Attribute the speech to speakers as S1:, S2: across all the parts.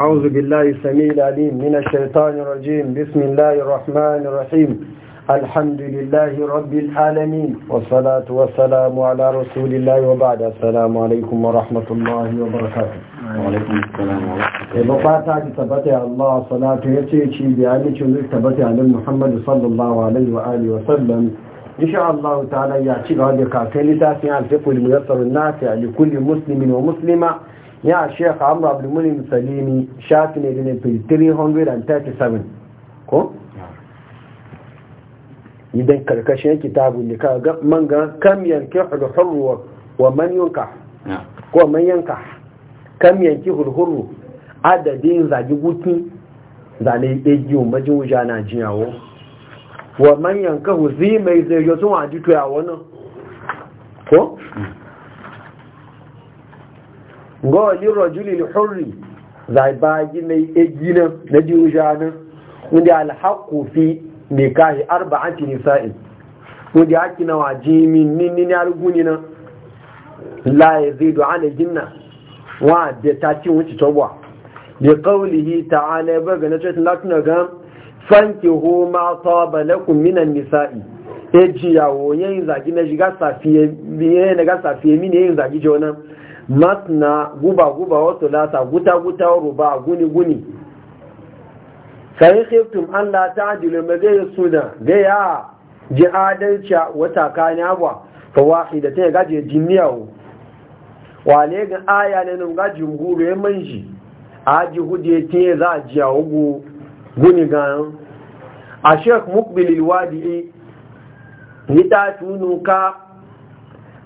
S1: أعوذ بالله السميع العليم من الشيطان الرجيم بسم الله الرحمن الرحيم الحمد لله رب العالمين والصلاة والسلام على رسول الله وبعد السلام عليكم ورحمة الله وبركاته
S2: وعليكم السلام
S1: ورحمة الله وبركاته الله صلاة يتيجي بأني شنزل تبتع محمد صلى الله عليه وآله وسلم إن شاء الله تعالى يعطيك هذه الكافية لتاسع الفقه الميسر النافع لكل مسلم ومسلمة ya sheikh amur abdulmuni musalini shafi ne ne fi 337 ko? idan karkashin kitabu ne ka ga manga kam yanki hulhurru wa man yanka ko man yanka kam yanki hulhurru adadin zagi guki zane eji umajin wuja na jiyawo wa man yanka huzi mai zai yosun a jitoya wani ko? ga lirajuli hurri zai baji mai ejina na diujana wanda alhaqu fi nikahi arba'ati nisa'in wanda haki na waji min nin ni arguni na la yazidu ala jinna wa da ta ci wuce tobwa bi qawlihi ta'ala ga na cewa latuna ga fankihu ma taba lakum minan nisa'i ejiyawo yayin zagi na shiga safiye biye na ga safiye mini yayin zagi jona. matna guba guba wato lata guta guta ruba guni guni sai khiftum an la ta'dilu ma zai suna ga ji adalci wata kani abwa fa wahida ta gaje jinniyawo wale ga aya ne nun gaji nguru ya manji aji hudiye te za a ji awu guni ga a sheikh mukbil alwadi ni ta tunuka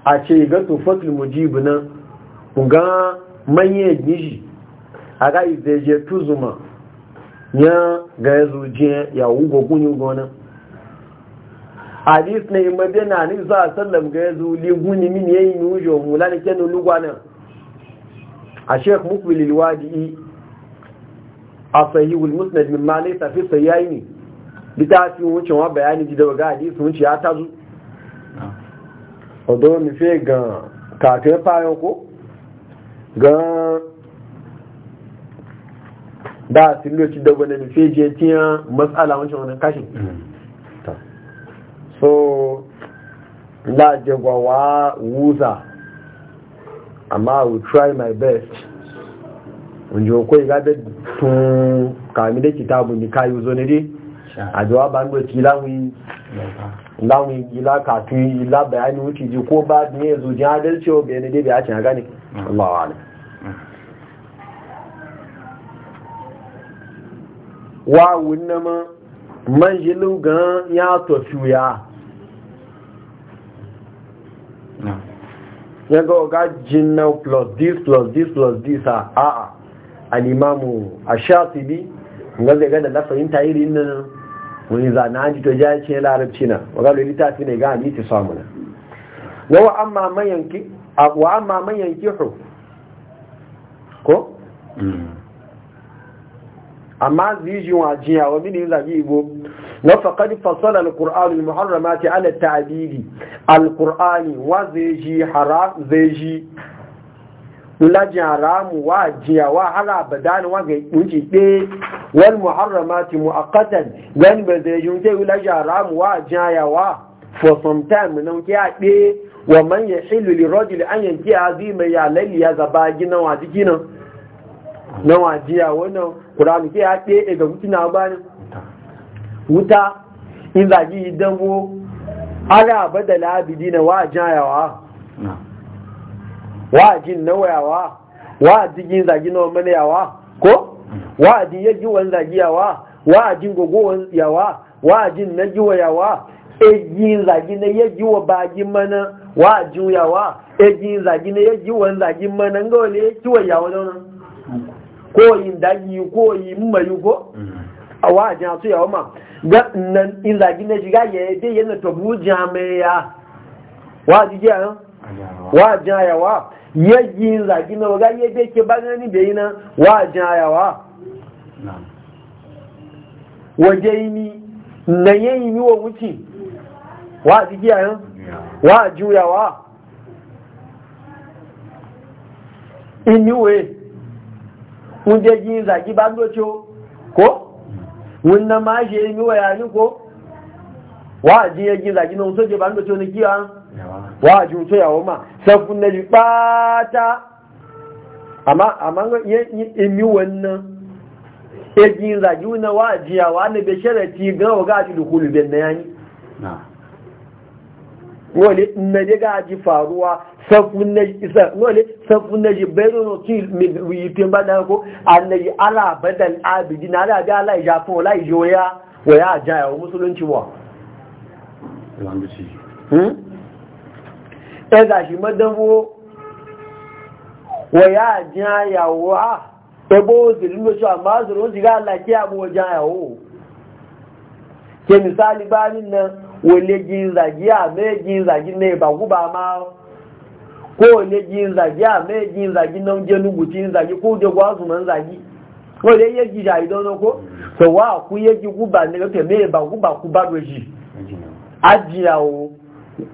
S1: a ce ga tufatul mujib nan ga manyan gishi a ga izeje tuzuma ya ga ya zuji ya wugo gunyi gona hadis na imabe na ni za sallam ga ya li, guni min yayi ni ujo mula ne kenan lugwana a sheikh mukbil alwadi a sahih almusnad min ma laysa fi sayyaini bitafi wucin wa bayani ji daga hadis wuci ya tazu ah. odo mi fe ga kafin fayon ko ga da sun loci da wani nufe je tiya matsala wancan wani kashin mm. so la jagwawa wuza amma i will try my best wunji okwai gada tun kami da kitabu ni kayu zo ne dai a ba ndo ki lawin lawin gila katun ila bayani wuce ji ko ba ne zo jin adalci o bayani dai bai a cin a gani. Allahu alim wa wunna ma man jilu gan ya to fiya ya ga ga jinna plus this plus this plus this a a al-imamu ash ga zai ga da lafayin tayirin nan wani zana ji to jaci larabci na wa ga fi ne ga ni ta samu na wa amma man yanki wa amma man yankihu ko hmm. amma zijin wa jiya wa mini zabi ibo na faqad fasala alquran almuharramati ala ta'dili alquran wa ziji haram ziji ulaji haramu wa jiya wa hala badani wa ga kunji de wal muharramati muaqqatan gan bazejun te ulaji haramu wa jiya wa for some time nan ke a de wa man yahillu li rajuli an yanki azima ya lalli ya zaba gina wa jikina na wajiya wannan qur'ani ke ya ke daga mutuna ne wuta in zagi dambo ala badala abidina wa jayawa wa jin nawayawa wa jigin zagi na mana yawa ko wa jin yaji wan zagiyawa wa jin gogowan yawa wa jin nagiwa yawa ejin zagi na ya ji wa bagin mana wa juyawa ejin zagi na ya ji wa zagin mana ga wale wa yawo nan ko yin daji ko yin mayu ko a wa jan su ma ga nan in zagi na shiga ya yi dai yana tabu jami'a wa ji ya wa ya yi zagi na waga ya dai ke bagani bai nan wa yi ni na wa wuce wa a jigiyayen wa a juyawa iniwe wunde yin zagi ba ndocho ko wunna ma je iniwe ya ni ko wa a ji ye yin zagi na, so je ba ndocho ni kiya wa ju to ya o ma se fun ne ji pata ama ama ye iniwe na e zagi na wa a jiya wa ne be shere ti gan ga ti dukulu be na yani na wani na ji gaji faruwa safin na ji bayan otu yutin ba da ko annayi ala badal abidi na ala ga ala ija fun ola ije waya waya aja wa musulunci wa ẹ hmm? e gashi madanwo waya aja yawo a ebe ozirin lo cewa ma zuru ozi ga ala ki abuwa aja yawo ke misali ba nan wale jin zagi a me jin zagi ne ba guba ma ko wale jin zagi a me jin zagi na je nuguci zagi ko je gwazu man zagi ko dai yaji da idan ko to wa ku yaji guba ne ke mai ba guba ku ba doji ajiya o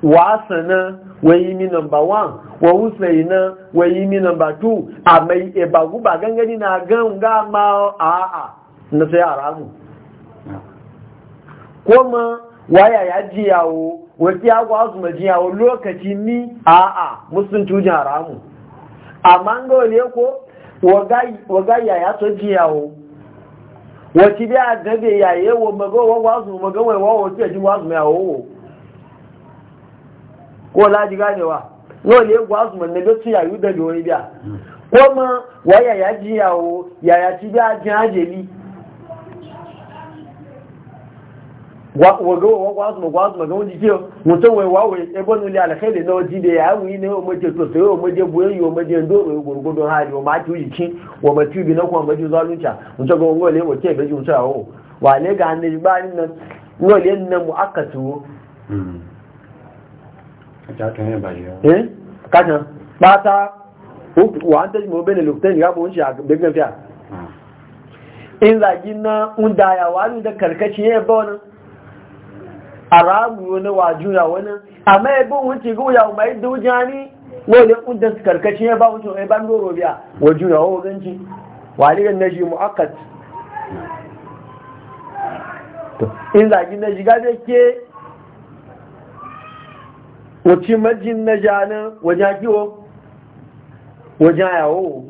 S1: wa sana wayi mi number 1 wa usai na wayi mi number 2 a mai e ba guba gangani na ga ma a a na sai aramu kuma waya ya yawo, wasu ya gwazu ma yawo lokaci ni a'a musun tujin haramu amma ga wale ko wagaya ya so jiyawo wasu biya gabe yaye wa magawa gwazu magawai wa wasu ya ji gwazu mai awowo ko laji ganewa ga wale gwazu ma na lotu yayu da wani biya kuma waya ya yawo yaya ci biya jin ajeli wasu magwazu magan wani mutum wai wawai ebon wuli alkhairi na waje da ya wuyi ne wa to sai wa maje yi wa maje doro ya gurgudun hali wa mati wuji wa ma bi na kuma maje zalunca mutum ga wani wa ke gaji mutum awo wa ne ga hannun ba ni nan wani na mu aka tuwo. kacan bata wa an tashi mabene lokutan ya bawon shi a bigin fiya in zagi na undayawa ne da karkaci ya ba wani aramu wani juya wani amma ya bin wuce ga wuya mai duja ne wani kudda su karkaci ya ba wuce mai ban robiya biya juya wa ganci waligan na shi mu'akkat in zagi na shiga da ke wuce majin na janin wajen kiwo wajen yawo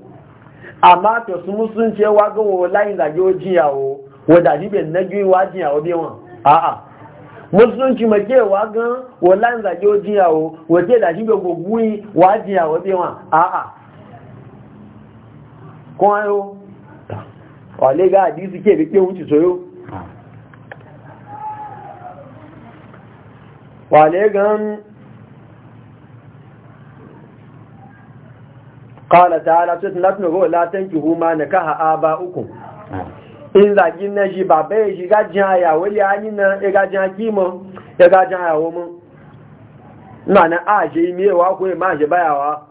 S1: amma to su musun cewa ga wa layin zagi wajen yawo wadda jibin na giwa wajen yawo biyan a'a musulunci ma ke wa gan wala n zage o jiyawo wace da shi ga gwi wa jiyawo bi a a'a kún ayo le ga hadisi ke bi ke wuce soyo wa le gan قال تعالى لا تنكحوا ما نكح آباؤكم in zagi na shi baba ya shiga jin ayawo ya yi na ya ga jin aki mo ya ga jin ayawo na na a ṣe imewa ko ma ṣe bayawa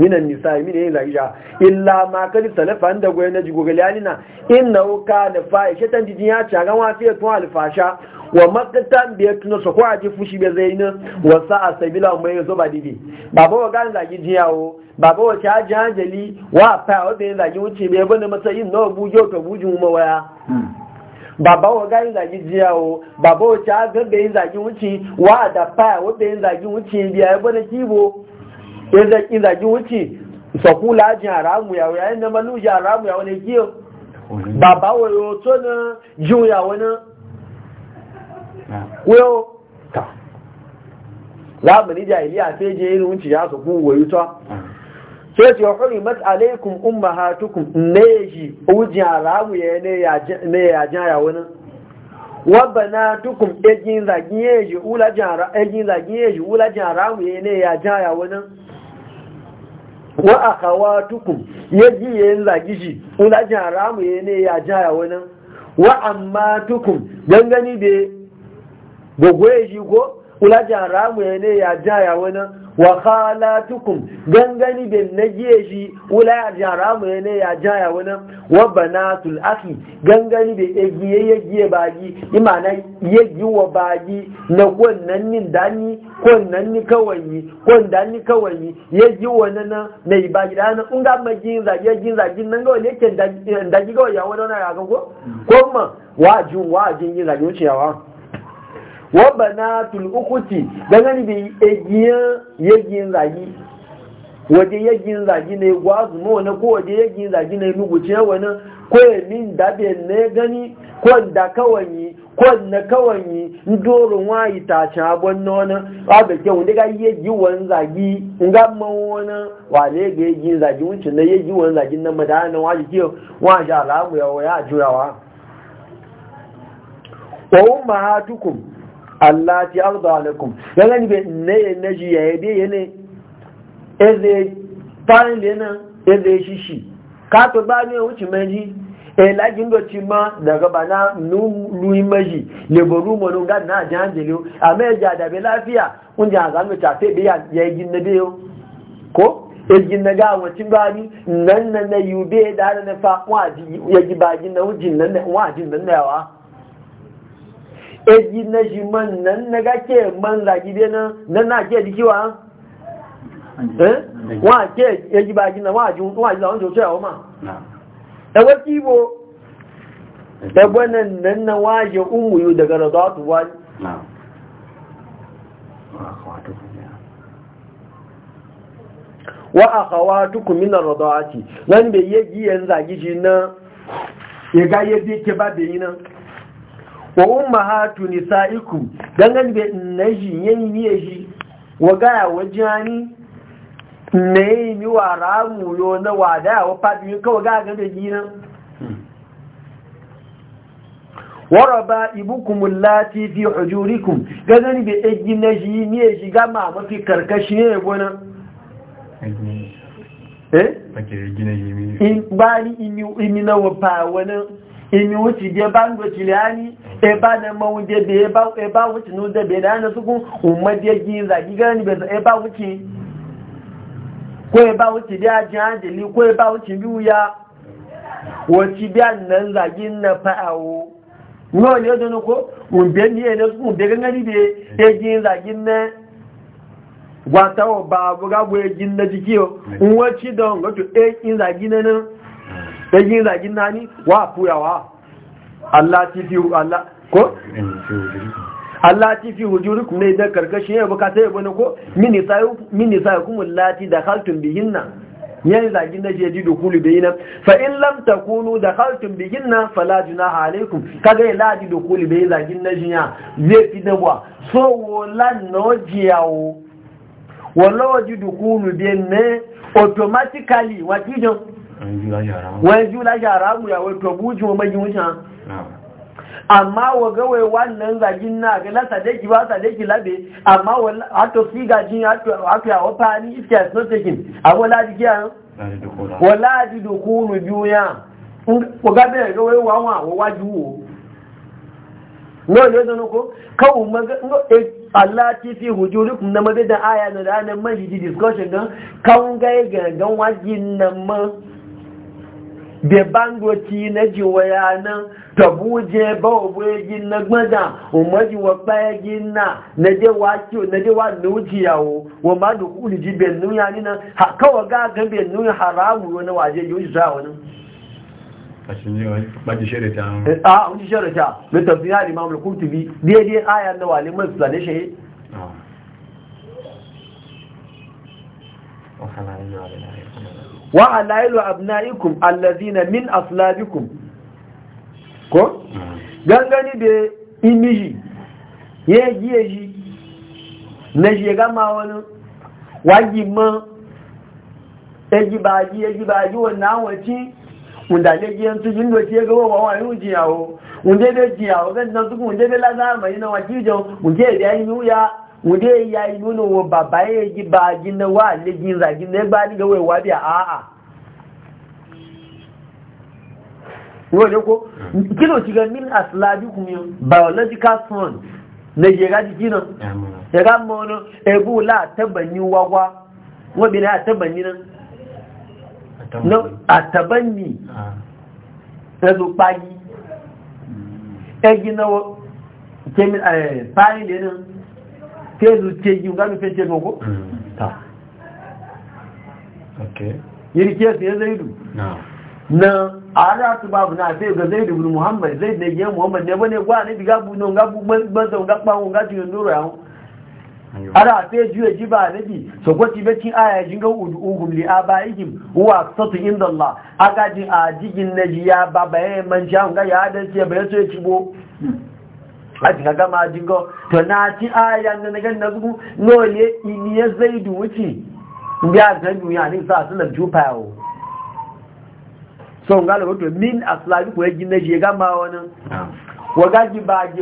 S1: minan nisa min yayin zaija illa ma kadi salafa da goyen na jigo galalina inna ka da faisha tan jijin ya ci ga wafi to alfasha wa makatan biya tuno so ko aji fushi be zaina wa sa'a sabila mai zo ba didi baba wa gan zagi jiyawo baba wa ta jajali wa fa wa be zagi wuce be bane masayin nawa bujo mu wa zagi jiya o baba wa ta ga be zagi wuce wa da fa wa be yin zagi wuce biya bane kibo Yanzu yadda izagi wuce sakula ajin haramu yawo yayin na maluji haramu yawo ne giyo baba wayo to na jiwo ya wani. wayo ta ni jahiliya sai je yin wuce ya saku wayo ta sai ce hurimat alaikum ummahatukum ne shi ujin haramu yayin ne ya jan yawo na wabana tukum egin zagin yeji ula jan haramu yayin ne ya jan yawo na wa akhawatukum yaji yayin ya shi in da jin haramu yayin ne ya jaya wani wa amma tukun, dan gani be gogoye shi ko ula jin haramu yayin ne ya jaya wani wa khalatukum gangani da naje shi wula jara mu ne ya jaya wani wa banatul akhi gangani da egiye yagiye baji imana yagi wa baji na wannan nin dani ko nan ni kawai ko dan ni kawai yaji wannan na mai baji da na unga majin za yaji za jin nan ga wani yake da da ga ya wani na ga ko ko ma wajin wajin yin rayuwa ciyawa wa tulukuti ukhti dangane bi egiyan yegin zagi waje yegin zagi ne gwazu mo wani ko waje yegin zagi ne luguci na wani ko ya min dabe ne gani ko da kawanyi ko na kawanyi ndoro wayi ta cha abon na wani abu ke wani ga yegi wani zagi nga ma wani wale ga yegin zagi wuce na yegi wani zagi na madana waje ke waje alamu ya ya jurawa wa umma hatukum Allah ti arda alaikum yana ne be ne ne ji ya be ne eze tan le na eze shishi ka to ba ne wuci maji e la jin do ma daga bana nu lu maji le boru mo no ga na janjele ame ja da be lafiya un ja ga mu ta te be ya ya e jin ne be yo ko e na ga wuci ba ni nan nan na yube da na fa wa ji ya ji ba na wujin nan wa jin nan na yawa. eji na shi man nan na gake man zagi dai nan nan na ke jiki wa wa ke eji ba gina wa ji wa ji zawon sosai a wama ɗawa kibo ɗawa nan nan na waje umuyu daga razatu wani wa akhawatukum min ar-rada'ati nan be yaji yanzu na ya ga yaji ke ba be yi nan wa ummahatu nisaikum dangan be naji yayi ni shi, wa ga wajani ne ni wa ramu yo na da wa fadi kawai ga ga da wa raba ibukum lati fi hujurikum gadan bi ejina shi ne shi gama mafi karkashi ne gona eh ba ni imi imi na wa pa wannan imi wuce je ba ngo kilani e ba na ma wunde be e ba e ba wuce nu da be da na suku umma je gi za gi ga ni be e ba wuce ko e ba wuce da jan de li ko e ba wuce bi uya wuce bi nan za gi na fa awo no ne don ko mun be ni e na mu be ga ngani be e, e gi za gi na wata o ba bu ga bu mm. e gi na jikiyo wuce don ga to e gi za na dan yin zagin nani wa fuyawa Allah ti fi Allah ko Allah ti fi wujurukum ne da karkashin ya bukata ya bani ko mini sai mini sai kuma lati da khaltum bihinna yan zagin da jeji da kulu bayina fa in lam takunu dakhaltum bihinna fala junaha alaikum kaga ya ladi da kulu bayin zagin na jinya zai fi dabwa so wala no jiyawo wala wajidu kulu bayin ne automatically wajidu wani jula shara wai wani tobuji wa mai wucin amma wa gawai wannan zagin na ga na sadeki ba ki labe amma wato si gaji wato ya wafa fani iske a sotekin abu Wala kiya wa ladi dukunu juya ko ga bai gawai wawa wa wajuwo no ne zano ko kawo maga Allah ti fi hujurikum na mabidan aya na da nan di discussion don kawun ga gangan wajin nan ma bai bangoci na ji waya nan, ta buje ba oboye gin na gbada umarji wa baya gin na na je wa kiyo na je wa nuji yawo wa ma da kuli ji bai nuya ni nan ha kawai ga ga bai nuya haramu wani waje yi za wani eh, a wani sharata e e na tafiya alimamul kurtubi daidai ayar na wale mai sulale shahe وخلائنا بالعلم wa alailu abnaikum allazina min aslabikum ko gangani da imiji yeji yeji na shiga ma wani wagi ma eji baji eji baji wannan awacin wanda ne giyan su jin doki ya gaba wawa yi jiyawo wanda ya jiyawo gan nan su wanda ya lasa mai na wakijan wanda ya da yi wunde ya yi nuna wa baba ya yi ba gina wa ligin zagin na ba ni gawai wa biya a a wani ko kino shiga min aslabi kuma biological son na jera jiki nan ya gama wani ebu la tabbani wawa wabi na tabbani nan a tabbani na zo kpagi egina wa kemin a fari lenin fezu ce yi ga nufe ce ko? Mm, ta yiri ke su ya zaidu na ara tu babu na sai ga zaidu bin muhammad zai ne yi muhammad ne bane gwa ne diga bu no nga bu ban zau nga kpawo nga ti nuru yawon ara sai juye jiba ba bi so ko ti bacin aya nga ga uduhum li abaihim huwa satu inda allah aga ji a jigin najiya baba ya e manja Nga ya dace ba ya so ci e bo Aji ka gama aji ko to na ci aya nan nagan na gugu no ye ini ya zaidu wuce ya zaidu ya ni sa sallam jufawo so ngalo to min aslabi ko yajin na je ga ma wannan waga ji mai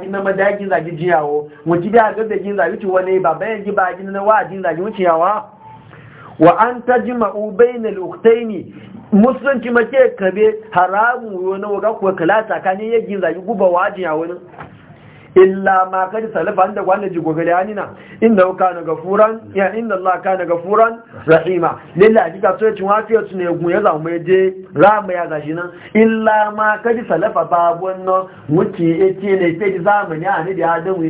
S1: ji na ma ji yawo mu ji da ga da zaji zagi wani baba ya ji na zaji wuce wuciyawa wa an tajma'u bainal ukhtaini musulunci mace kabe haramu wani waga kuwa kala tsakanin yaggin zagi guba wajin ya wani illa ma kadi salafa ji wannan ya nina inda inna na gafuran ya inda Allah na gafuran rahima lillahi kika so cin wafiya su ne gun ya za mu je rama ya gashi nan illa ma kadi salafa ba wannan wuce yake ne sai zamani a ne da adamu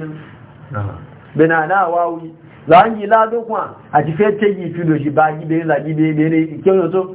S1: nan bina na wawi zangi la dokwa a ji fete yi fi shi ba gi be zagi be be ne kyau so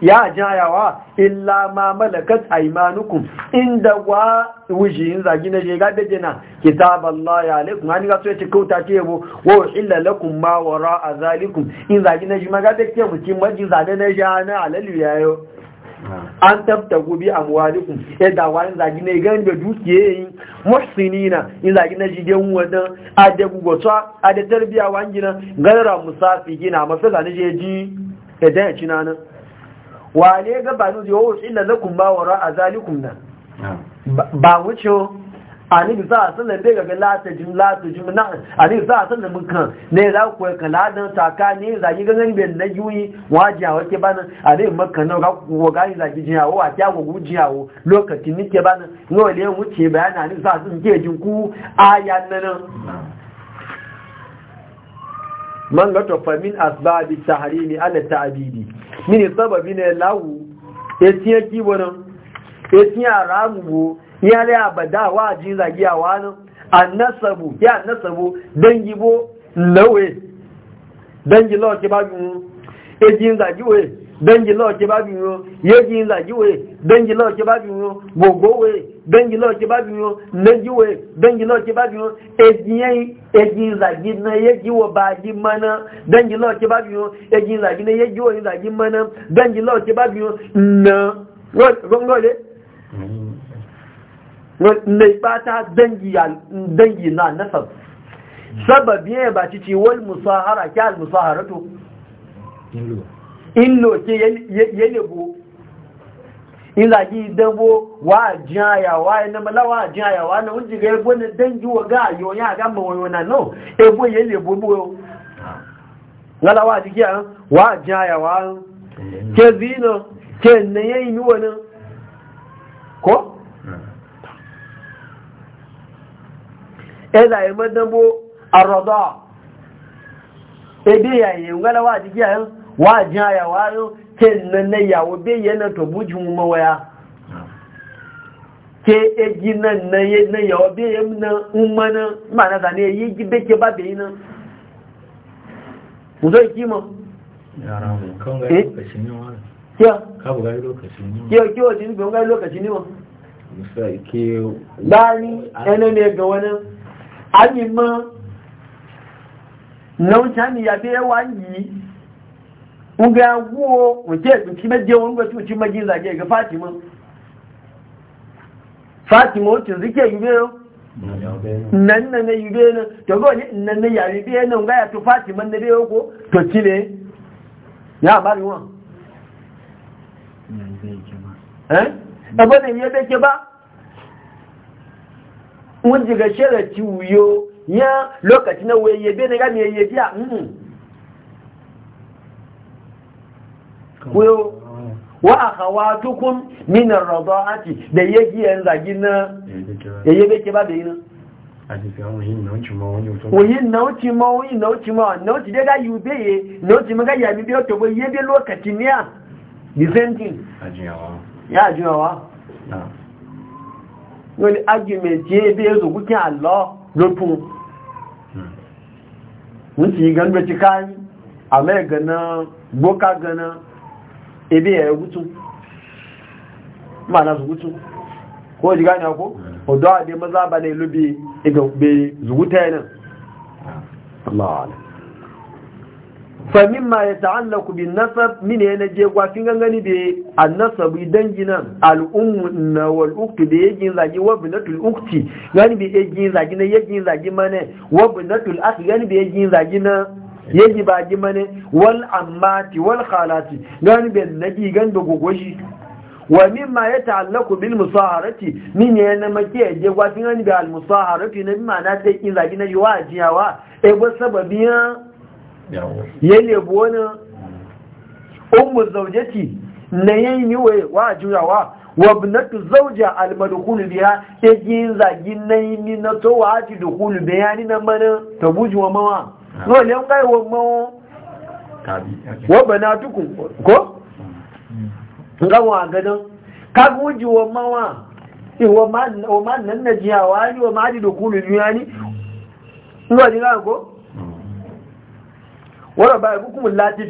S1: ya jayawa illa ma malakat aimanukum inda wa wuji in zagi na je gada jina ya alaikum an ga so ce ta ce yabo wa illa lakum ma wara azalikum in zagi na ji magada ke mu ci maji zada na na alalu yo an tabtagu a amwalikum yadda e wani zagi ne gan da dukiye yin muhsinina in zagi na jigen wadan ade gugota ade tarbiya wangina gara musafi gina mafi zane je ji e da ya ci nanan wane gabanin da yawon illa na kuma wara a zalikun nan ba wuce anibi za a sanar da gaga latajin latajin na anibi za a sanar kan ne za ku ka ladan saka ne zagi gangan bai na yuyi waje a wake banan anibi makan na kuwa gani zagi jiyawo a ta gugu jiyawo lokacin nike banan yau da yan wuce bayan anibi za a sanar ke jinku a yanan man ga tofa min asbabi tahrimi ala ta'bidi min sababi ne lawu etiye kibonan etiye aramu bo le abada wa jin zagiya wa nan annasabu ya annasabu dangi bo lawe dangi lawe ke ba mu ejin zagi dangi lọ́ọ̀ kí bá bí wọn yéjì ńlá yíwe dangi lọ́ọ̀ kí bá bí wọn gbogbowe dangi lọ́ọ̀ kí bá bí wọn lẹ́jíwe dangi lọ́ọ̀ kí bá bí wọn ejì ńlá yí na yéjì wọ bá yí mọ́nà dangi lọ́ọ̀ kí bá bí wọn ejì na yéjì wọ ńlá yí mọ́nà dangi lọ́ọ̀ kí bá bí wọn dangi na nasab ya ba ci ciwon musahara musaharatu in loke yelebo in zagi dambo wa jaya wa na mala wa jaya wa na wunji ga ebo na dangi wa ga yo ya ga mo yo na no ebo bu bo ngala wa ji ya wa jaya wa ke zino ke ne e e e yayi wa na ko ela e madambo arada ebe ya yi ngala wa ji ya wa jaya wayo ke nan na yawo be yana to bujin mu waya ke egi nan na ye na yawo e be yana umana mana da ne yi gibe ke ba be nan mu zo kima yara mu kan ga eh? lokacin ne wa kiyo ka bu ga lokacin ne kiyo kiyo din bu ga lokacin ne wa musa kiyo dani ene ne ga wani ami ma nan tani ya be wa nga guwo wace tsinci maje wani ba tsinci maji zage ga fatima fatima wacce zike yi biyo nan na na yi biyo na to ga wani nan na yari biyo na nga ya to fatima na biyo ko to cile ya bari wa eh ba ne ya beke ba wani ga shirar ciwuyo ya lokaci na waye biyo na ga me yaye biya kuyo wa tukun min ar-rada'ati da yake yan zagi na yayi bake ba da yi na oyin nauti ma oyin nauti ma nauti daga yube ye nauti ma ga yami bi otobo ye bi lokati ni a the ya ajiyawa wani argument ye bi ezo kuke Allah lotun mun hmm. ci ci gana boka gana ebe ya gutu ma'ana su gutu ko ji gane ko odo a bai maza ba ne lubi iga bai zuguta yanin Allah Fa famin ma ya ta'allaku bin nasab min yana je gwafin gangani da annasab idan ginan al'ummu na wal'ukti da yajin zagi wabu na tul'ukti gani bai yajin zagi na yajin zagi mana wabu na tul'aki gani bai yajin zagi na yaji baki mane wal ammati wal khalati gani ben nagi gando gogoshi wa mimma yata'allaqu bil musaharati min ya na make je gwatin gani bi al musaharati na mimma na sai kin zagi na yuwa jiyawa e ba sababi ya ya lebo wani ummu zawjati na yayi ni wa jiyawa wabnatu al madkhul biha ke kin zagi na yi ni na to wa ti dukhul bayani na mana tabuju wa mawa wọ́n lè ń ká ìwọ̀n mọ́ wọ́n bẹ̀ náà tukùn kó àgẹ́dán kágún jí wọ́n mọ́ wọn ìwọ̀n má nà jí àwọ̀ á ní wọ́n dìdò kú lè wọ́n ní láàkó wọ́n rọ̀ báyìí kúkùn láti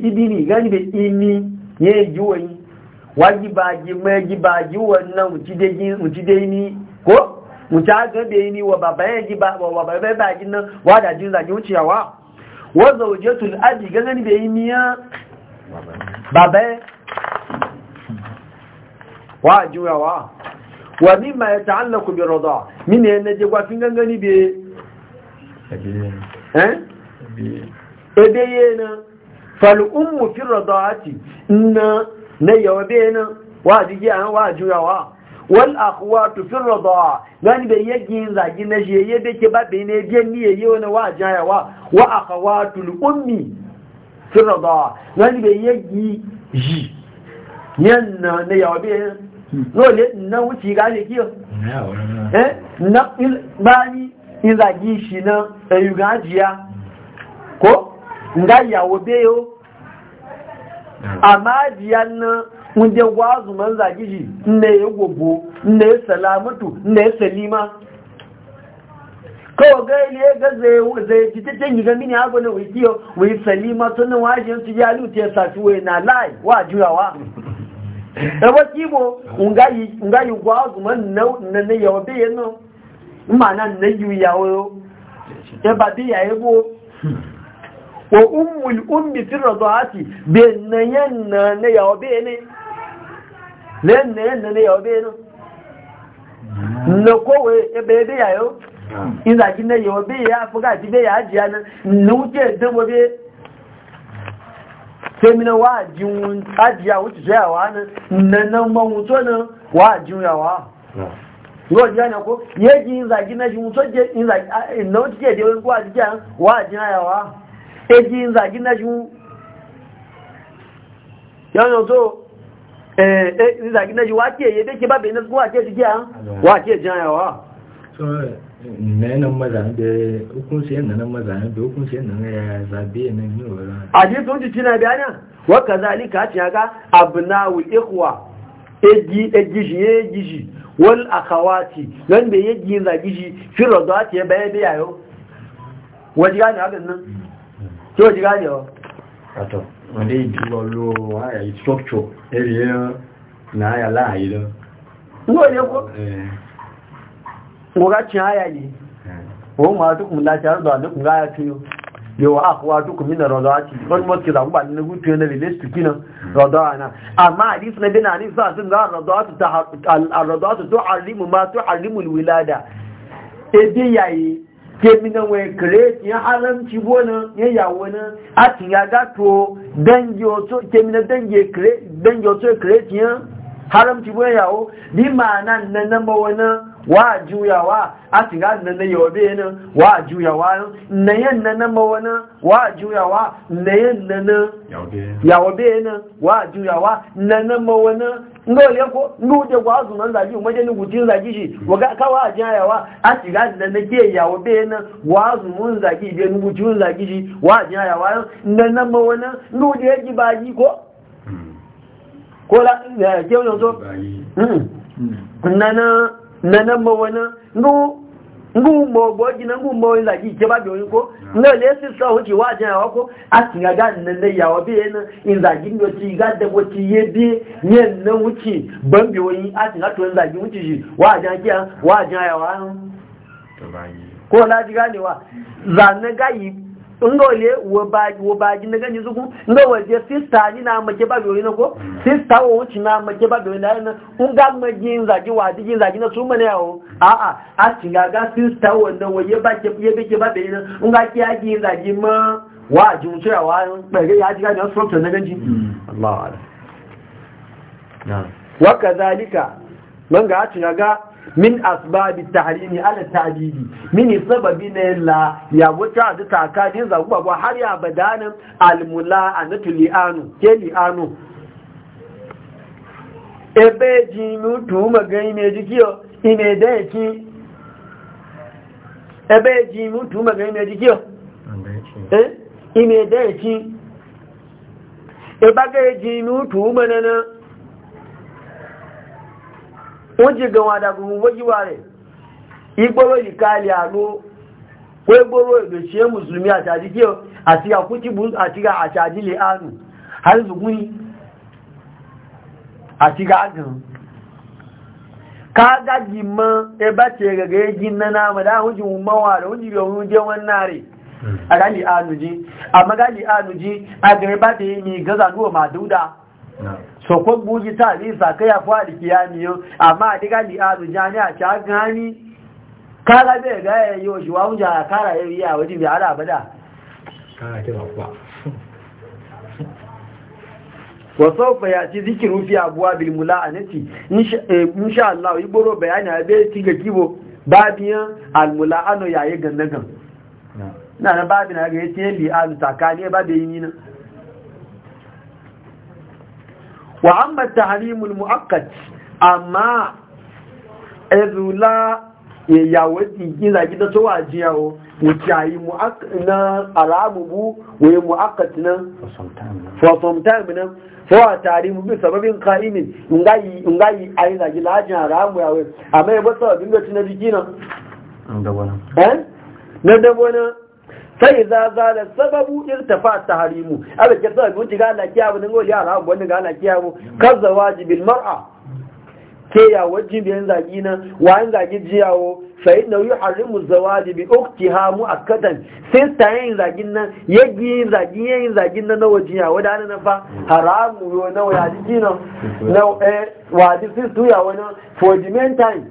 S1: ní ìgáníbe ìní wajibaji majibaji wannan dai ni ko mutagabe ni wa babaye jiba wa babaye baji nan wa da jin zage wuciyawa wa zawjatul abi ganin bai miya babaye wa juyawa wa mimma yata'allaqu bi rida min ne naje gwa fin gangani be eh ebe yana fal ummu fi ridaati na. na yawa benin wa jiki a wa juyawa wal akhwatu fi ridaa gani be yegi zagi na shi ye be ke ba be ne biyan ni ye wona wa jayawa wa akhwatu al ummi fi ridaa gani be yegi ji yanna ne yawa be no le na wuci gani kiyo eh na il bani izagi shi na ayugajiya eh, ko nga yawo be yo Mm. amma jiyan nan wunde gwazu man zagi ji inda ya gobo inda ya salamatu inda ya salima kawai ga ile ga zai ci cikin giga mini hagu na wikiyo wai salima tunan wajen su ya lutu ya sashi wai na lai wa juyawa yi tí mo ǹgá ìwọ̀ ọgùnmọ́ nínú ìyàwó bí yẹn náà mọ̀ náà nínú ìyàwó ẹbà bí ìyàwó wa ummul ummi fi radati benayen na na yawo bene lennayen na na yawo bene na kowe ebe ebe yayo ina gina yawo be ya fuka ti be ya ajiya na nuke dabo be sai mina wa jin ajiya wuce jayawa na nan man wuto na wa jin yawa yóò jẹ́ ẹ̀nà kó yé jí ìzàgínà ṣe mú tó jẹ́ ìzàgínà ó ti jẹ́ ìdíwẹ́ kó àti jẹ́ wà jẹ́ àyàwó eji nzagi na shi yawon so nzagi na ya dake ba bai nasu wace shi giya wace jayawa nenan mazanin da hukunci da hukunci ya zabe nan yi a ji sun ji cina biya nan waka zalika ce haka abnawu ikwa egishi ya gishi wal akawati nan da ya gina gishi fi rodati ya wajen nan tí ó ti ráyẹ ọ. àtọ̀ wọ́n lè dúró àyà ìtọ́kṣọ̀ ẹ̀rì ẹ̀rọ náà àyà láàyè lọ. ní òye kó wọ́n rákí àyà yìí wọ́n máa tukùn láti àrùdọ̀ àdókùn ráyà tí ó yóò àkọwà tukùn mí rọ̀dọ̀ àti wọ́n mọ́ nínú gúúsù yẹn lè lẹ́sù kí náà rọ̀dọ̀ àná na bí náà ní keminan wai kare ya haramci bona ya yawo na a ya gato dangi oto keminan dangi kare e dangi oto kare e tiya haramci wani yawo bi ma'ana nan nan ba wani wa juyawa a ti ga nan ya obe na wa juyawa na yan nan nan ba wani wa juyawa na yan nan ya obe na wa juyawa na nan ba wani ngole ko nuje kwa azu nan zaji umaje ni gutin zaji shi waga kawa ajin ayawa a shiga da nake yawo be na wa azu mun zaji be ni gutin zaji shi wa ajin ayawa nan nan ma wannan nuje yaji baji ko ko la eh, ke wannan so nana hmm. hmm. nana ma wannan nu ngumbo gị na ngumbo ilaji ikebabyo yuko ngole sisa uchi waje ya wako asinga gani nne ya e na ena inzaji nyo chi gade wo chi yebi nye nne uchi bambyo yi asinga tu inzaji uchi shi waje ya waje ya wano ko laji gani wa zanaga yi nga wale wo baji na ganji zuku nga je sista ni na make ba biyo na ko sista wo wuci na make ba biyo na na unga ga maji in zagi wa di zagi na su ne yawo a a a tinga ga sista wanda waye ba ke ye be ba be na unga ki aji in ji ma wa ji mu tsaya wa ba ga ya ji ga na to na ganji mm. Allah na wa kadhalika manga a tinga ga min asbabi tahrimi ala ta'didi min sababi ne la ya wuta da din za gubagwa har ya badanin almula anatu li'anu ke li'anu ebe ji mutu magai ne jikiyo ine da yake ebe ji mutu magai ne jikiyo eh ine da yake e ga ji mutu manana wọ́n jí gan wọn dàgbùn wọ́jíwà rẹ̀ igbóró ìlìkàlì àlò pé gbóró musulmi ṣe àti àkútìbù àti àtàdílé àánù àrísùgbùn àti gàgàn kágájì mọ́ ẹbá ti rẹ̀rẹ̀ jí náà mọ̀dá àwọn jù mọ́wàá jí jí bá ti ní dúdá sọ̀kọ́ gbóòjì tààrí ìsàkẹ́yà a àdìkìyà ni ó àmá àdígàlì àrùjá ní àṣà gání kára a gáyẹ̀ yóò ṣùwá oúnjẹ àkára ya àwọn ìdíbi àrà àbádà wasaufa ya ci zikiru fi abuwa bilmula mula'anati nati eh, insha Allah yi boro bayani a bai ci ga kibo babiyan almula ano yayi gannagan na na babina ga yace li'alu takani ba bai yi nan wa amma tahrimul muakkad amma ezula yawo gida gida to o wucayi muakkad na arabu we muakkad nan fa sometime time nan fawa tare mu bi sababin ka'imin ngai ngai aina gida ji lajin ya we amma ya bata abin da kina ndabona na ndabona sai za za da sababu irtafa harimu abe ke sababu wuce ga Allah kiyabu nan go yara abu wannan ga Allah kiyabu kaza wajibil mar'a ke ya yan zagi na wa yan zagi jiyawo sai na yi harimu zawadi bi uktiha mu akadan sai ta yin zagin nan ya gi zagin yayin zagin nan na wajiya wada na. fa haramu yo na wajibi nan na eh, wajibi su ya wani for the meantime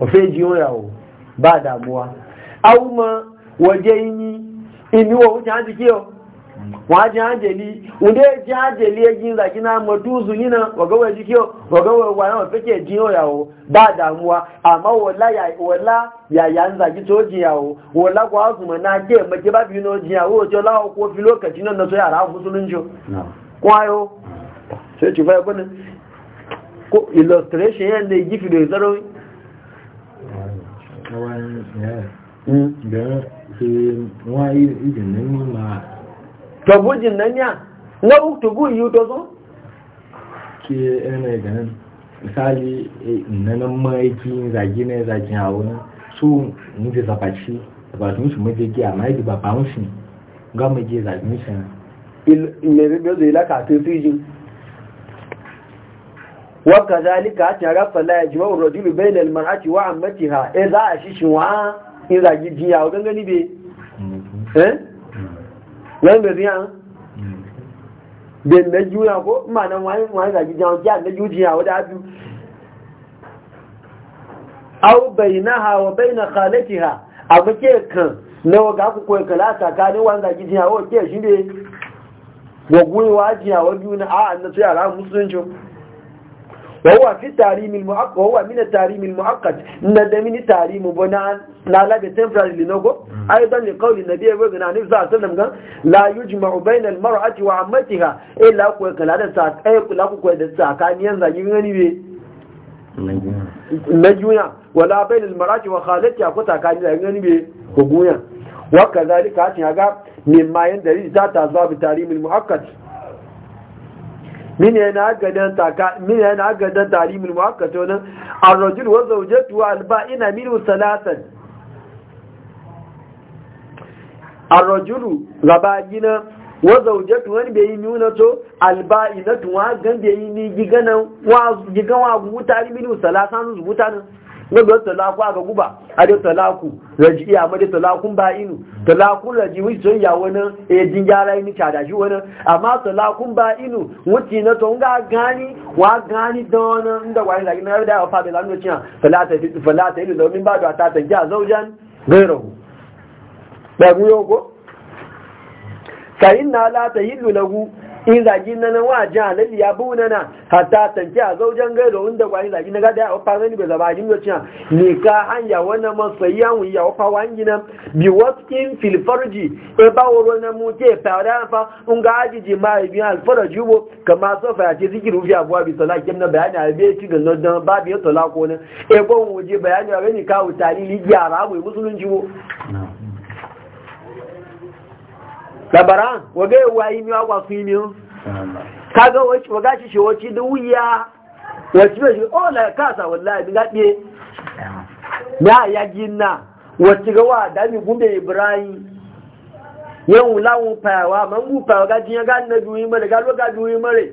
S1: ofe ji yawo ba damuwa auma waje yi imi wa wuce haji kiyo wa ji hajeli wunde ji hajeli ya gina zaki na matuzu nina waga wa jikiyo waga wa wana wafike jiyo ba damuwa amma ama ya ya to ji yawo wala kwa azuma na ke make ba bino ji yawo na so yara musulunjo kwayo ko illustration
S2: kawan da su wayi izin nan yi ma
S1: to bujin nan ya na uktu gu yi to so ke ana ganin misali nanan maiki zagi ne zagi a wani su nufi zafaci zafaci musu majigi a maiki ba ba musu ga majigi zagi musu ilere bezo zai to su yi وكذلك اعترف لا يجمع الرجل بين المرأة وعمتها إذا أشيشوا إذا جديا وغنغني بي ها لن بيان bin na juya ko ma nan wani wani zagi jan ja na jujiya wada abu aw bainaha wa bain khalatiha abu ke kan na waga ku koyi kala tsakanin wani zagi jiya wa ke shi ne gogoyi wa jiya wa biyu na a'a ya ra musulunci وهو في التعريم المؤقت وهو من التعريم المؤقت ندمني تعريم بناء على temporary لنوغو ايضا لقول النبي صلى الله عليه وسلم لا يجمع بين المرأة وعمتها الا كو كلا da na juna wala bain al marati wa khalati ko tsakani zagin gani be ko guya wa kazalika ta ga mimma yan dalil za ta muakkad min yana gadan taka min yana gadan talimul muakkato nan ar-rajul wa zawjatu alba'ina minhu salatan ar-rajul gabagina wa zawjatu wani bai nuna to alba'ina tuwa gan bai ni gigana wa gigan wa gugu talimul salatan zubuta nan wanda talaku aka guba a da talaku raji'i amma da talakun ba'inu talakun raji wuce sun ya wani eh jin gyara yi nica da shi wani amma talakun ba'inu wuce na to nga gani wa gani da wani inda wani zagi na da wafa da lamu cinya falata fi falata ilu domin ba da ta tangiya zaujan gairahu da guyo ko fa inna la tahillu lahu in zagi na nan wa ji halali ya buna na hatta tanki a zaujen da wanda gwani zagi na gada ya wafa zani bai zaba jin gaciya ne ka hanya wannan masoyi ya wuyi ya wafa wangi na bi waskin filfarji e ba wuro na muke fara fa in ga ajiji ma bi alfaraji bo kama so fa ya ce zikiru fi abuwa bi salakin na bayani a bai ci ganin don babu ya talako ne e gon wuje bayani a gani kawo tali ligi a ramu musulunci bo labaran waga ya yi miwa kwa fi miyo kaga waga shi shi wace da wuya wace da shi o oh, la kasa wallahi bi gaɗe ya gina wace ga gawa dami gumbe ibrahim yan wula wun fayawa man gufa waga jiya ga na duyi mare ga loga duyi mare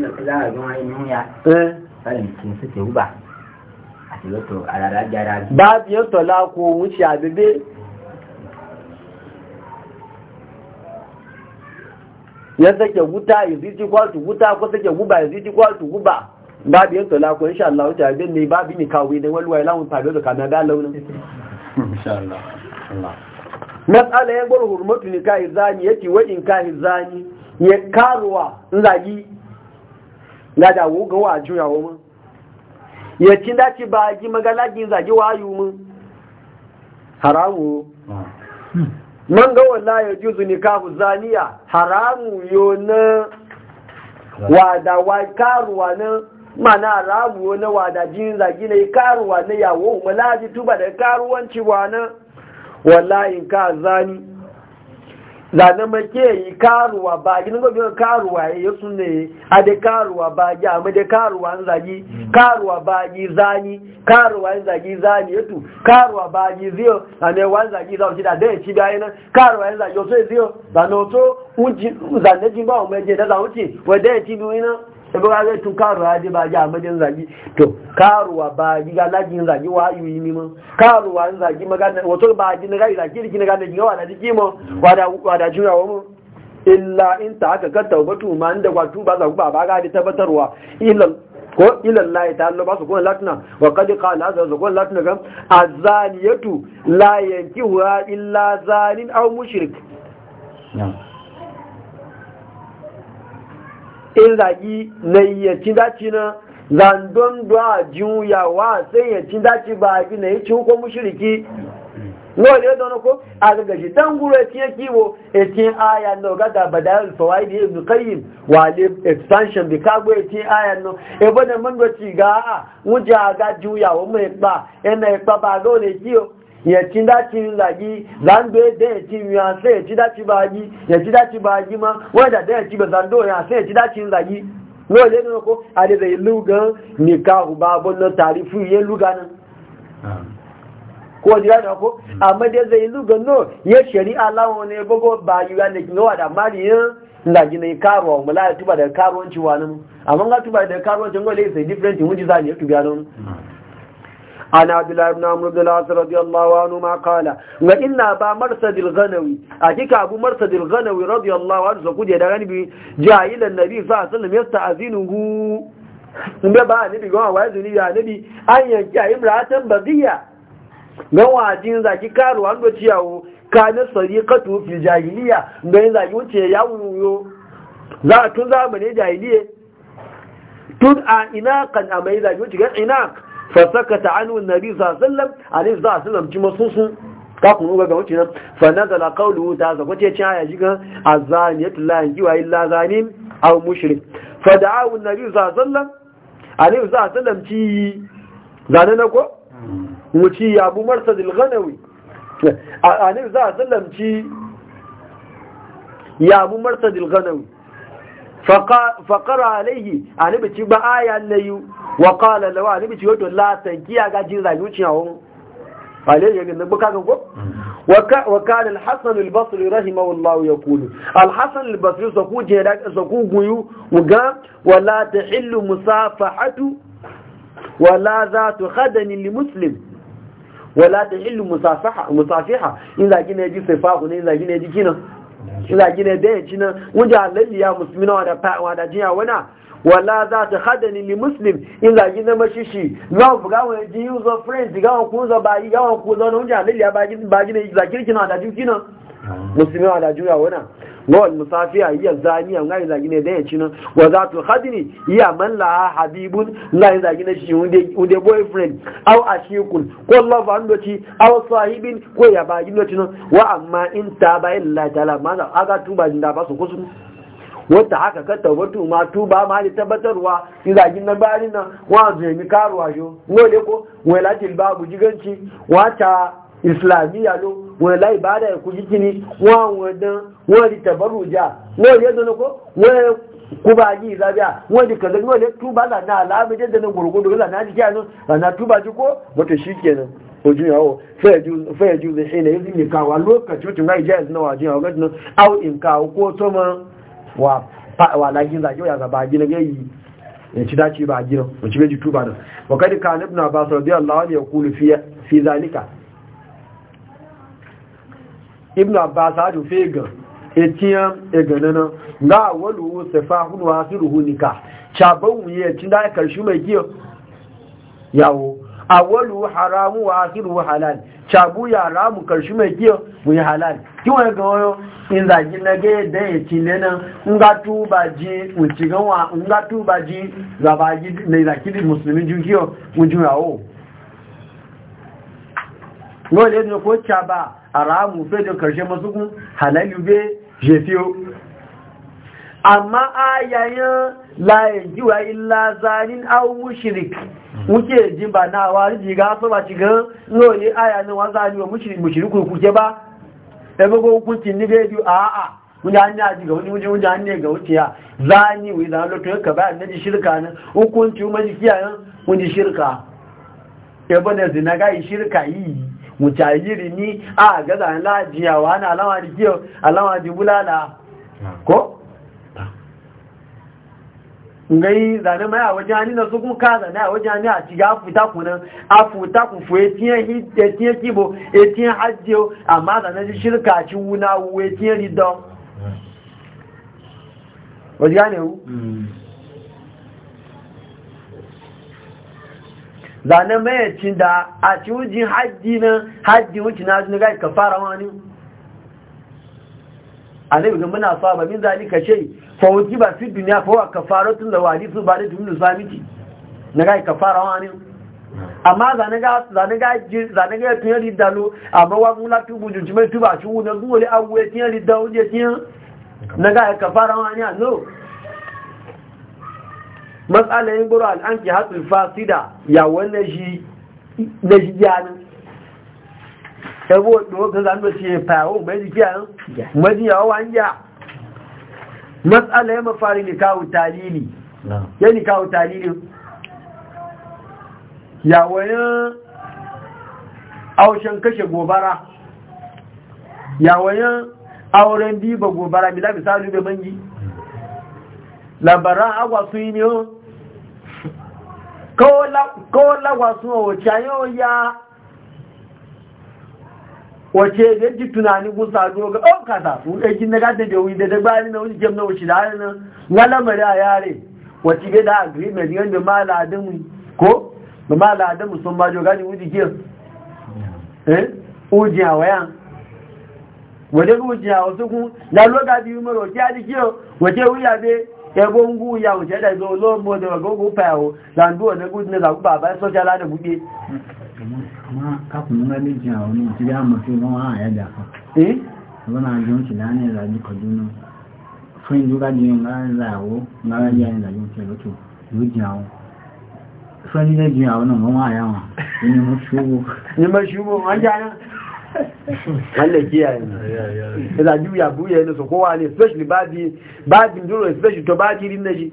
S1: za a zama yin ba tiyoto la ko wuce a bebe ya sake wuta ya ziti kwatu wuta ko sake guba ya ziti kwatu guba ba biyan tola ko insha Allah wuta bin ne ba bini kawai da walwai lawun tabe da kana ga launin insha Allah Allah mas'ala ya gol hurmatu nikahi zani yake wa in kahi zani ya karuwa zagi lada wo ga wa juya wo mu ya ci da ci ba ji magala ji zagi wayu mu haramu man ga wallahi yajuzu nikahu zaniya haramu yo na wada wa karuwa na mana haramu yo na wada jin zagi ne karuwa na yawo mu laji tuba da karuwanci wa na wallahi ka zani zane make yi karuwa ba ginin gobe karuwa ya yi sun ne a da karuwa ba gi amma da karuwa an zagi karuwa ba gi zani karuwa an zagi zani yato karuwa ba gi ziyo a ne wa zagi za shi da da ya ci bayan nan karuwa an zagi wato ya e ziyo zane wato zane jin ba wa mai je da za wuce wa da ya ci biyu ebe ga zai tun karuwa ya je ba ji a amadin zagi to karuwa ba ji ga lajin zagi wa yi yi mimo karuwa yin zagi magana wato ba ji na gari zagi da kina gane jiwa da jiki mo wada da juna wa mu illa in ta haka ba tu ma inda kwatu ba za ku ba ba ga da tabbatarwa ilal ko ilal la ta Allah ba su kuma latina wa kadi qala za su kuma latina kan azaniyatu la yankihu illa zalin aw mushrik in zagi na yaci daci na zandon da juyawa sai yaci daci ba a bi na yi cin ko mushiriki nawa ne don ko a ga shi dan gure ti yake wo etin aya no ga da badal fawaid ibn qayyim wa li expansion bi kago etin aya no e bana man go ci ga wuja ga juyawa mai ba ina ba ba go ne kiyo yaci daci zagi zando da yaci ya sai yaci daci bagi yaci daci bagi ma wanda da yaci ba zando ya sai yaci daci zagi no le ko ade zai luga ni ka hu ko na ko amma dai zai luga no ye shari'a lawo ne bogo ba yuwa ne no da mari yan zagi da karuwanci wani amma ga tuba da karuwanci ngole sai different mun عن عبد الله بن عمرو بن العاص رضي الله عنهما قال وان ابا مرصد الغنوي اكيك ابو مرصد الغنوي رضي الله عنه سكوجي دا غني جاء الى النبي صلى الله عليه وسلم يستاذنه umbe ba ni bi gwa wazi ni ya nabi an yanki a imratan badiya gan wajin zaki karu an do ciyawo kana sariqatu fil jahiliya dan zaki wuce ya wuyo za tun zamanin jahiliye tun a inaqan amai zaki wuce gan inaq فسكت عنه النبي صلى الله عليه وسلم عليه الصلاه والسلام كما سوسو kakunu ga gawanci nan fanazala qawluhu ta'ala kwace cin aya jiga azaniyatu la yanjiwa illa zanin aw mushrik fada'u an-nabi sallallahu alaihi wasallam alaihi wasallam ci zanana ko muci ya abu marsad al-ghanawi alaihi wasallam ci ya abu marsad al fakara alaihi a ci ba aya yi wa ƙala lawa a nibici wato latan kiya gajin mm-hmm. rayuci a wani alaihi yadda na buka gago wa ƙala alhassan albasri rahimahullahu ya kudu alhassan albasri sa ku guyu ga wala ta illu musafahatu wala za ta hadani li muslim wala ta illu musafiha in zagi na yaji sai fahu ne in zagi na yaji gina? suna gina da ya ci nan wajen halalli musulmi na wada fa'awa da jiya wana wala za ta hadani ni muslim in za gina mashishi na buga wani ji yuzo friends ga wani kuzo ba yi yawon kuzo na wajen halalli ba gina ba gina za kirki na da juki ah. musulmi na wada juya wana a musafiya zani zaniya ngai zagi ne da ya cinan wa zatu khadini hiya man la habibun ngai zagi ne shi unde unde boyfriend aw ashikun ko love an ci? aw sahibin ko ya ba gido cinan wa amma in taba illa ta'ala ma aga tuba da ba su kusu wata haka ka tu ma tuba ma da tabbatarwa in zagi na bari na, wa zai karuwa jo wole ko wai latil babu jiganci wata islamiyya lo wọn láì bá dẹ̀ kú jíjí ni wọ́n àwọn ẹ̀dán wọ́n di tẹ̀bọ́rù jà wọ́n yẹ dọ́nà kó wọ́n kú bá yí ìlàbíà wọ́n di kẹ̀lẹ́ wọ́n lè túbà lànà àlàáfíjẹ́ dẹ̀nà gbòrògbòdò lànà àjíjẹ́ àná lànà túbà jí kó wọ́n tó ṣí kẹ̀ẹ́ ìṣẹ́ ilẹ̀ yìí ci ba a gina wacce ji tuba ka fi fi zalika ibn abbas hadu fega etiyan eganana ga walu safahun wasiruhu nikah chaban ya tin e da karshe mai kiyo yawo awalu haramu wa akhiru halal chabu ya ramu karshe mai kiyo mu halal kiwa ga wayo in za ji na ga da ya tile nan in ga tuba ji mu cigan tuba ji za ne za kidi musulmin ju kiyo mu ju wọ́n lè ní kó chaba àràmù fẹ́jọ karshe masukun halayu bẹ́ jefiyo amma ayayen layin jiwa illa zanin au mushrik wuke jin ba na wari jiga so ba cigan wọ́n lè aya ni ndị zani wa mushrik mushrikun kuke ba ẹgbogbo hukuncin ni bẹ́ ju a'a wani an yaji ga wani wajen wajen hanyar ga wuciya zani wai lokacin ka bayan na ji shirka hukunci shirka zina yi shirka yi mujahiri ni a ga zan lajiya wa na alama da kiyo alama da bulala ko ngai zane mai a wajen na su kuma ka zane a wajen ni a ciga futa kunan a futa ku fu etiyan e kibo etiyan hajjiyo amma zane ji shirka ci wuna wu etiyan ridon wajen ne wu mm. zane mayacin da a cikin hajji na hajji wuce na jini gai ka fara wani annabi ga muna fa ba min zalika shay fa wuti ba fi fawa ka wa tun da wadi su ba da dunya samiki na gai ka fara wani amma zane ga tun yari dalo a wa mula tu buju jime tu ba shi wuna gole awwe tin yari dalo je tin na gai ka fara wani no yin buru al'anki hatsul fasida ya wanda shi na shi yanin yabo da wakil zanen da ce fayawo mai jiki yanin majiyawa matsala matsalayin mafari ne kawo talili ya ni kawo talili ya wayan aushen kashe gobara ya wayan auren biba gobara mila misali da mangi hmm. labaran agwa sun yi ne kọ́ọ́lá wasu wàce yóò ya wàce da ji tunani gusa doga ɗan kasa sun ɗaiki na gada da wuyi da dagbari na wuce na wuce da hannun na lamari a yare Wace wàce gada agreement yadda ma ladin ko da ma ladin musamman ba joga ne wuce ke eh wuce a wayan wadda wuce a wasu kun na lokaci yi mara wace a jikin wace wuya be ebo ngu ya wuce da zo lo mo da go go pa o dan ne na gudu na zaku baba so jala da buɗe
S2: amma ka kun ga ni ti ya mu ti a ya da ka eh wana ti da ne da ni ko ga za ya ni da jon ti lo o ni ne mo wa ya wa ni mo
S1: ni mo an ja na Allah kiyaye yi da juya buye ne so kowa ne especially badi badi duro especially to babi rin naji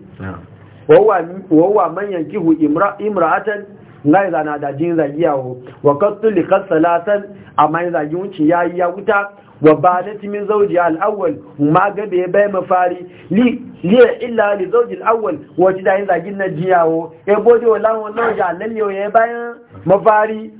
S1: wawa wawa manyan kihu imra imra'atan ngai zana da jin yawo. wa qatl qasalatan amma zagi wuci yayi ya wuta wa banat min zawji al-awwal ma gabe bai mafari li li illa li zawji al-awwal wa jidayin zagin jiyawo. e bodi wala wannan ya lalle ya bayan mafari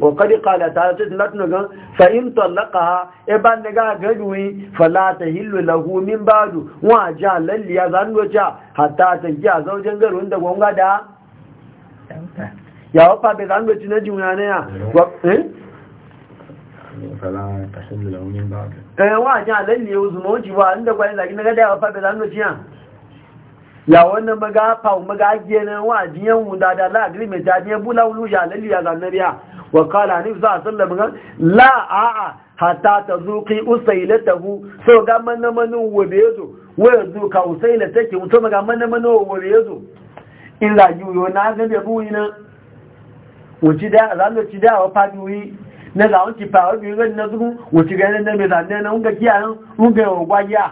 S1: ƙoƙari ƙalata ta ta latin gan fahimtar laƙaha e ba ne. ga gaduwi falata hillu lahu min badu wa ja lalliya za ni wacce hatta ta ji a zaujen garu inda gonga da ya wafa bai za na jimuna wa ja na gada ya bai ya wa jiyan mu da da la agreement da ne bula ya lalliya zanariya wa kala za a sallama gan la a'a hatta ta zuki usailatahu so ga manna manu wabe yazo waya zuka usailatake mutum ga manna manu wabe yazo in la yuyo na ga be buyi na wuci da za mu ci da a wa fadi na ga mu ci fa wa biyu na zugu wuci ga nan me zanne na unga kiya unga wa ya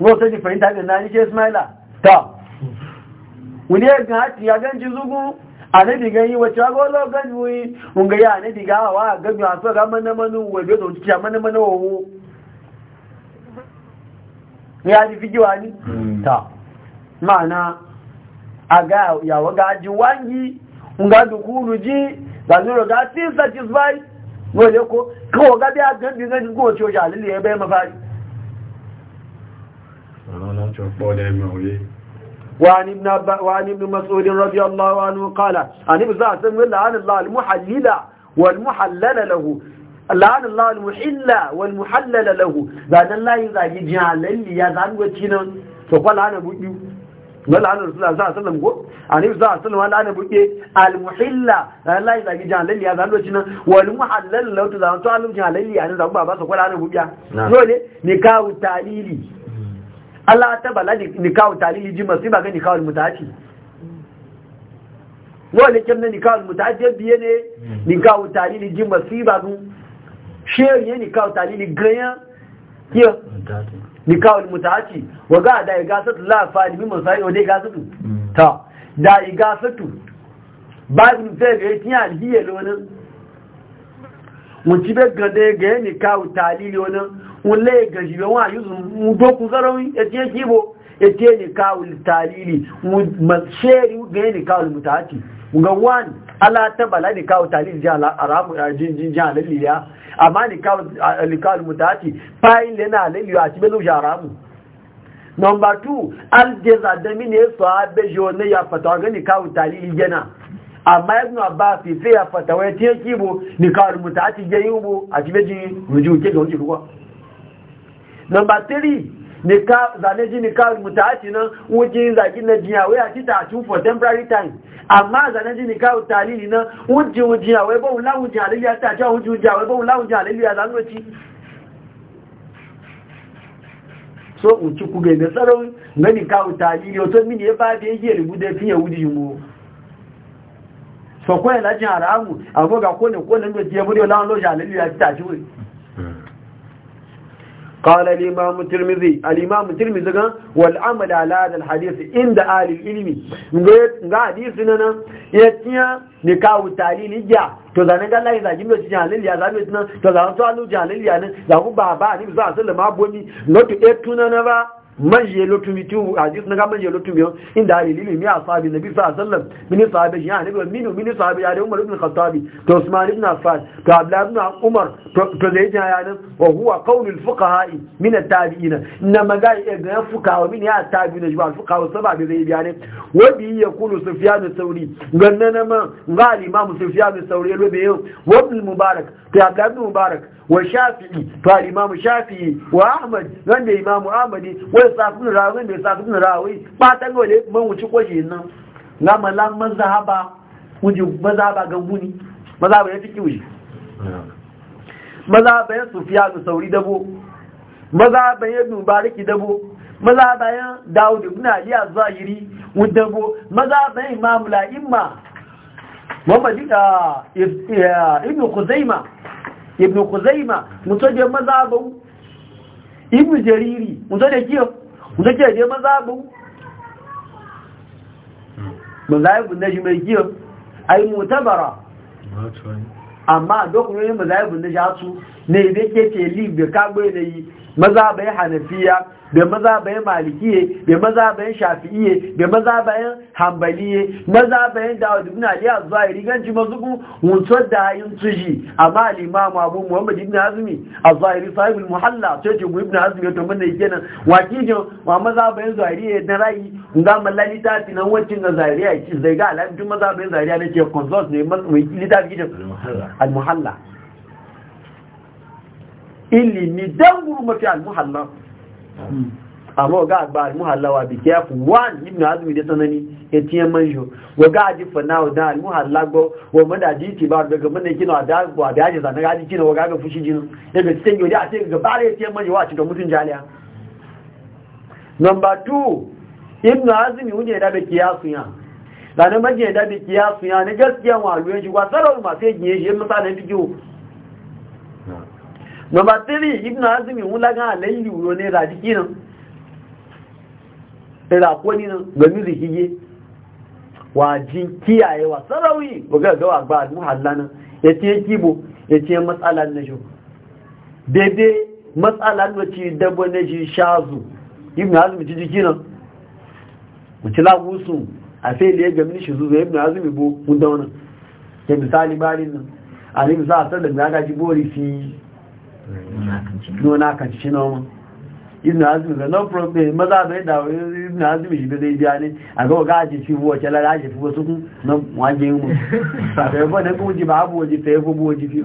S1: wo sai di fahimta da na ni ke ismaila ta wani ya ga ya ganci zugu anabi yi wacce ga wala gani wi ya anabi ga wa ga ga so ga manamanu manu wa ga don ciya mana mana wo ya ji fiji wani hmm. ta mana aga ya wa ga ji wangi mun ga ji ga zuro ga tin satisfy wole ko kawo ga da ga bi ga go cho ja ya bai mafari
S2: ana na cho po da mi oye
S1: وعن ابن, وعن ابن مسعود رضي الله عنه قال عن ابن صلى الله عليه الله المحلل والمحلل له لعن الله المحل والمحلل له بعد الله يزاجي جهلل يا زان وتينا فقال انا بودي قال عن الله صلى الله عليه وسلم عن النبي صلى الله عليه وسلم قال انا بودي المحل الله يزاجي جهلل يا زان وتينا والمحلل له تزان تعلم للي يعني زان بابا فقال انا بودي نولي نعم. نكاو تعليلي Allah ta bala nikahu talili ji masu ba ga nikahul mutaci wani kyan na nikahul mutaci biye ne nikahu talili ji masu ba gun sheri ya nikahu talili ganyen kiyo nikahul mutaci wa ga da iga satu lafa limin masari wa da iga satu ta da iga satu ba zin fere ya tiya alhiyar wani mun ci bai gada ya ga ya nikahu talili wani wule ga wa yuzu mu doku zarawi etiye kibo etiye ni kawul talili mu masheri ga ni kawul mutati ga wani ala tabala ni kawul talili ja aramu ja amma ni kawul ni kawul mutati fayin le na a tibe lu aramu number 2 al jazadami ne so abejo ne ya fatawa ga ni kawul talili jana amma ibn abbas fi ya fatawa etiye kibo ni kawul mutati a cikin ruwa number three zane ji nikawar mutaci nan wujin zaki na jiyawai a tita a for temporary time amma zane ji nikawar talili nan wujin wujiyawai ba wula wujin haliliya ta a ce wujin wujiyawai ba wula wujin haliliya ci. so uci kuga ga tsaron na nikawar talili wato mini ya ba da yake rubu da fiye yi mu. so kwaya lajin haramu a ga kone kone da jiya wuri wula wujin haliliya ta ce wuri قال الإمام الترمذي الإمام الترمذي قال والعمل على هذا الحديث عند آل العلم نقول حديثنا يتيا نكاو تعليل جاء تزانا قال لا إذا جمعت جهلل يا زابتنا تزانا سؤالو جهلل يعني لهم بابا نبي صلى الله عليه وسلم أبوني نوتو إتونا نبا manje lotumi tu hadis na manje lotumi on inda ali lili mi asabi nabi sallallahu sallam wasallam mini sahabe ya nabi minu mini sahabe ya umar ibn khattab to usman ibn affan to abdullah ibn umar to zai ya yana wa huwa qawl al fuqaha min al tabi'in inna ma ga fuqaha min ya tabi'in ba fuqaha sababi zai biya ne wa bi yakulu sufyan al-thawri ganna ma ga al imam sufyan al-thawri wa yo wa ibn mubarak to abdullah ibn mubarak wa shafi'i to al shafi'i wa ahmad wanda imamu ahmadi wa safin rawi da safin rawi ba ta gole mun wuci kwashi nan na malam mazhaba wuji mazhaba gambuni mazhaba ya tiki wuji mazhaba ya sufiya da sauri dabo mazhaba ya bariki dabo mazhaba ya daud ibn ali az-zahiri dabo mazhaba imam la'imma Muhammad ah, ibn Khuzaimah ibn kuzaima mutaje mazabu ibn jariri mutaje kiyo mutaje je mazabu hmm. mazabu na shi mai kiyo ai mutabara amma dokunan mazabu na jatu ne da ke ce libe kagbe da yi mazabai hanafiya da mazabai malikiye da mazabai shafi'iye da hambaliye, hanbaliye da wadda ibn ali az-zahiri ganci mazubu wunsar da yin tuji amma al-imam abu muhammad ibn azmi az-zahiri sahib al-muhalla ce ce ibn azmi to mun ne kenan wakijin wa mazabai zahiriye na rai ga mallali ta tina wancin ga zahiriya ki zai ga alamin mazabai zahiriya ne ke consult ne mai gidan al-muhalla ili ni guru mafi al-muhalla amma ga agba al-muhalla wa bi kiyafu wani ibn azumi da tsanani ya tiye manjo wa ga aji fana wa dan al-muhalla go wa mada ji ti ba daga mun ne kina da ba da zana ga aji kina wa ga ga fushi jin daga cikin yodi a ce ga bare ya tiye manjo wa ci ga mutun jaliya number 2 ibn azumi wuje da be kiyasu ya zanen majiya da be kiyasu ya ne gaskiya wa luyen shi wa sarau ma sai giye shi misalan fikiyo Number three, Ibn Azumi ń lágán àlẹ́yìn ìwúro ní ẹ̀rà àdíkí náà. Ẹ̀rà kó nínú gbẹ̀mí ìrìkíyé. wa jí kí àyẹ̀wà sọ́rọ̀ wí, gbogbo àgbà ya àlánà, kibo, ya ètí matsala na ṣo. Dédé matsala na ci dabo na shi shazu, Ibn Azumi ci jiki nan. Mutu lagusun, a sai da ya gami shi zuwa Ibn Azumi bo, mun da wannan. Ke misali barin nan, a ne misali a sallar da aka ji bori fi nuna kan ci noma ibn azmi ga no problem maza bai da ibn azmi shi zai biya ne a ga ga ji fi wo ce lara ji fi wasu kun na waje mu sai ba ne kuma ji ba abu waje sai ko bu waje fi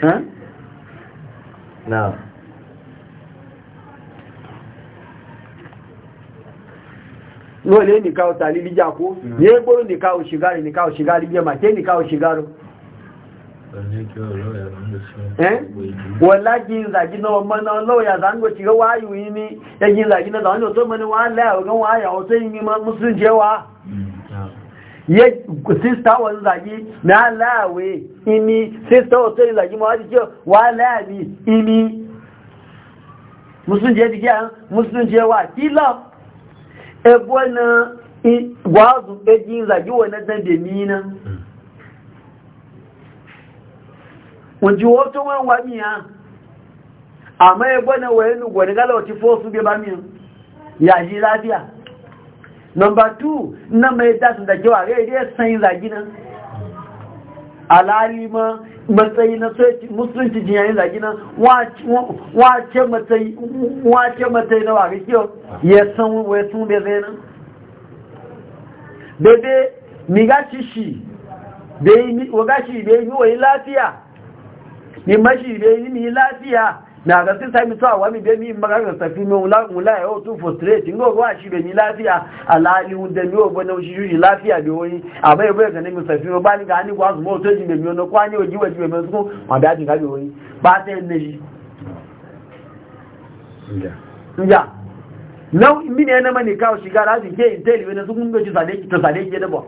S1: ha na no le ni ka o tali bi ko ye bo ni ka shigari ni ka o shigari bi ma ke ni ka o shigaro wọ́lá jí ìzàjí náà mọ́nà lọ́wọ́yà zangbo ti rọwà ayò yìí ní ẹjí ìzàjí náà zangbo tó mọ́ni wọ́n lẹ́ ọ̀gán wọ́n ọ̀tọ́ yìí mọ́sún jẹ́ wá yẹ sísta wọ́n ìzàjí náà láàwẹ̀ imi sísta ọ̀tọ́ ìzàjí wọ́n wá kí wọ́n ju wọ́n tó wọ́n wà mí hàn àmọ́ ẹgbọ́n náà wọ́n ẹnu gbọ̀n nígbàlá ọ̀tí fọ́ọ̀sù bí bá mí hàn lábíà nọmbà 2 náà mẹ́ dásun dàjọ́ ààrẹ ilé ẹ̀sán ìlàjí náà alhali matsayi na musulunci jiyayen zagi nan wace matsayi na ya san wai sun shi yi lafiya ni mashi be ni mi lafiya na ga sai sai mutuwa wa mi be mi magana tafi mi ula ula ya frustrate ngo wa shi be ni lafiya alali unda mi obo shi lafiya be woni aba e be ga ni mi tafi ba ni ga ni kwa su mo to ji be mi ono kwa ni oji wa ji be su ma da ji ga be woni ba sai ne ji mi ne na mani kawo shiga da ke intel su kun ga ji ki to ki da ba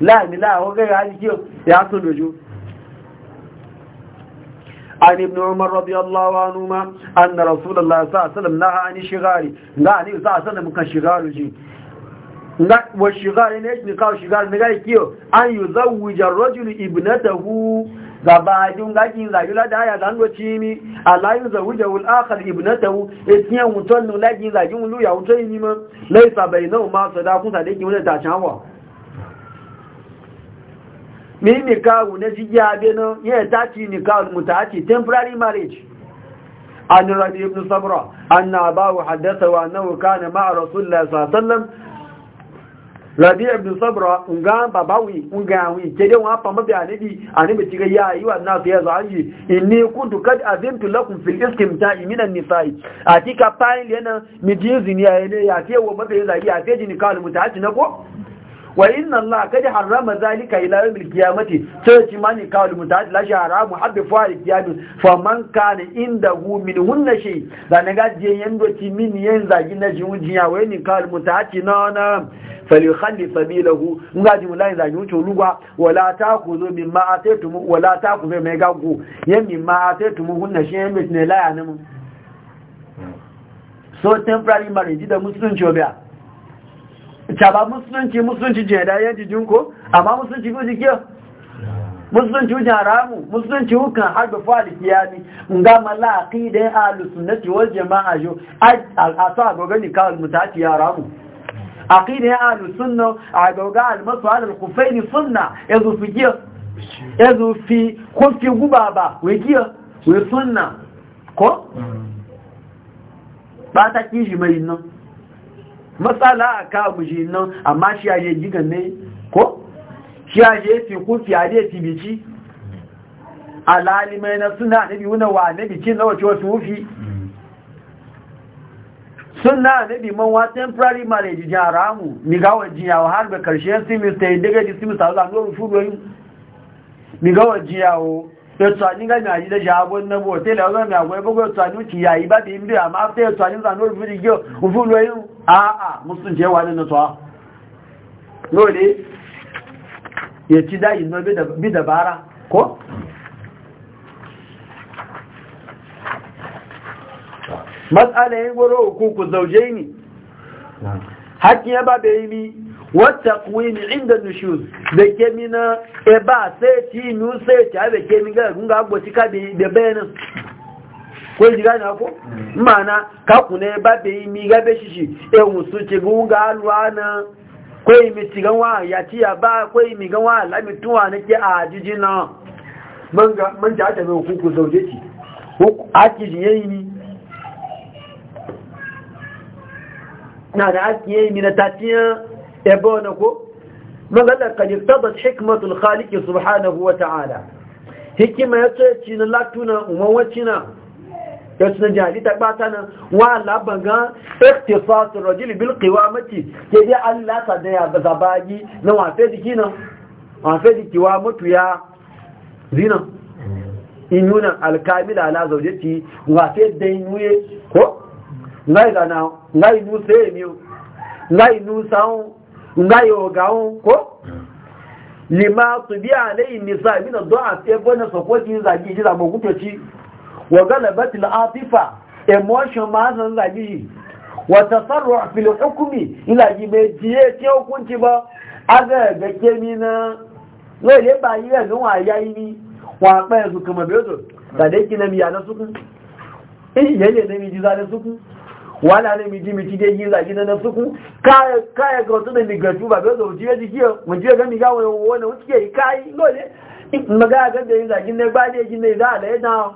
S1: la ni la ho ga ga ji ki ya to dojo عن ابن عمر رضي الله عنهما أن رسول الله صلى الله عليه وسلم نهى عن الشغال نهى عن الشغال عليه وسلم كان شغال جي والشغال نيش نقاو شغال نقاو كيو أن يزوج الرجل ابنته gabajin gajin zagila da haya zan doci ni alayin zawuja wul akhar ibnatahu etiyan mutun lagin zagin wulu ya wutai ni ma laisa bainahu ma sadaqun sadaqi wala ta chawa mi nikahu na ya beno ya taci nikahu mutaci temporary marriage an rabi ibn sabra anna abahu haddatha wa annahu kana ma'a rasulullah sallallahu alaihi wasallam rabi ibn sabra nga babawi nga wi kede wa pa mabi anabi anabi tiga ya yi wa nasu ya zaji inni kuntu kad azintu lakum fil istimta'i min an-nisa'i atika pain lena mi jinzi ni ya ne ya ke wa mabi ya yi ya ke jini kalu mutaci na ko wa inna allaha kad harrama zalika ila yawmil qiyamati sai ci mani wal mutahad la haramu habbi al qiyam fa man kana indahu min hunna shay da ne ga je yando ci min yan zagi na ji ya. wa ni kawul mutahad na na falyukhalli sabilahu nga ji mulai zagi wuce lugwa wala ma mimma mu. wala takuzu mai gago ma mimma mu hunna shay ne la ya mu. so temporary marriage da musulunci obia caba musulunci musulunci jin da yanci jinko amma musulunci ko jike musulunci hujjan haramu musulunci hukan har da fadi kiyami nga mala aqidan ahlus sunnati wal jamaa jo a sa gogani ka al mutati haramu aqida ahlus sunna a goga al masal al khufain sunna yazo fi jiya yazo fi khufi gubaba we jiya we sunna ko mm. ba ta kiji mai nan matsala a ka shi nan amma shi a je gigan ne ko shi a je fi kufi a je fi bici alalimai na suna nabi wuna wa nabi cin na wace wasu wufi suna nabi man wa temporary marriage jiya ramu mi gawa jiya wa har da karshen simista yi daga di simista za a nuru yi mi gawa jiya wa ètò ànígá ní àjídé ṣàbó nẹ́bù òtẹ́lẹ̀ ọgọ́mì àgbẹ̀ ya ètò ba da ti ń bí àmá fẹ́ ètò àníkà ní olùfúnni jẹ́ òfúnlọ ẹ̀yùn a'a musulunci yawa ne na tsawa lori ya ci daji na bi dabara ko? matsala ya gwaro hukuku zauje ni haƙƙin ya ba yi mi wata kuwini inda nushus da mina na eba sai ci nusa sai ci abe kemi ga gunga ka da bayanin ko ji gane ko mana ka ku ne ba mi ga be shishi e musu ci gunga alwana ko mi ci ganwa ya ci ya ba ko mi ganwa la mi tuwa nake a jijina man ga man ja ta ku ku zauje ci ko aki ji yayi ni na da ya yi ni na tatiya e bona ko man ga ka yaqtadat hikmatul khaliq subhanahu wa ta'ala hikima yace ci na latuna umawacina da su jihadi ta ɓata nan wa labagan iktisasu rajili bil qiwamati ke dai Allah ta da ya zabagi na wafe jiki nan wafe jiki wa mutu ya zina inuna alkamila ala zaujati ko ngai dana ngai ngai ngai ko lima nisa zagi wa galabat al-atifa emotion ma san zagi wa tasarru' fil hukmi ila ji be jiye ke hukunci ba aga ga kemi na lo le ba yi ga wa yayi ni wa pa su kuma be so da dai kina miya na suku eh yele ne mi ji za na suku wala ne mi ji mi tide yi zagi na suku ka kaya ga to da mi ga tuba be so ji ji ki mu ji ga mi ga wona wona wuce kai lo le magaga da yi zagi ne ba ne ji ne da ya dawo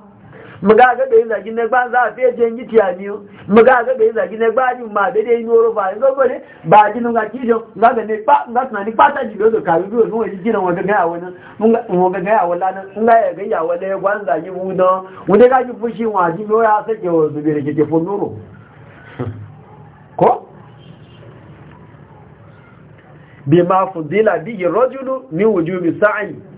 S1: muga ga bai zagi na ba za a fiye jen giti a biyu muga ga bai zagi na ba ni ma bai dai noro ba yanzu ba ne ba ji nunga kijo nga ga ne nga tunani ba ji dozo karu biyu nunga ji kiran gaya wani waga gaya wala nan nga ya ga wala ya gwan zagi mu don ga ji fushi wa ji biyo ya sake wa zubi da kike noro ko bi ma fudila bi rajulu min wujubi sa'i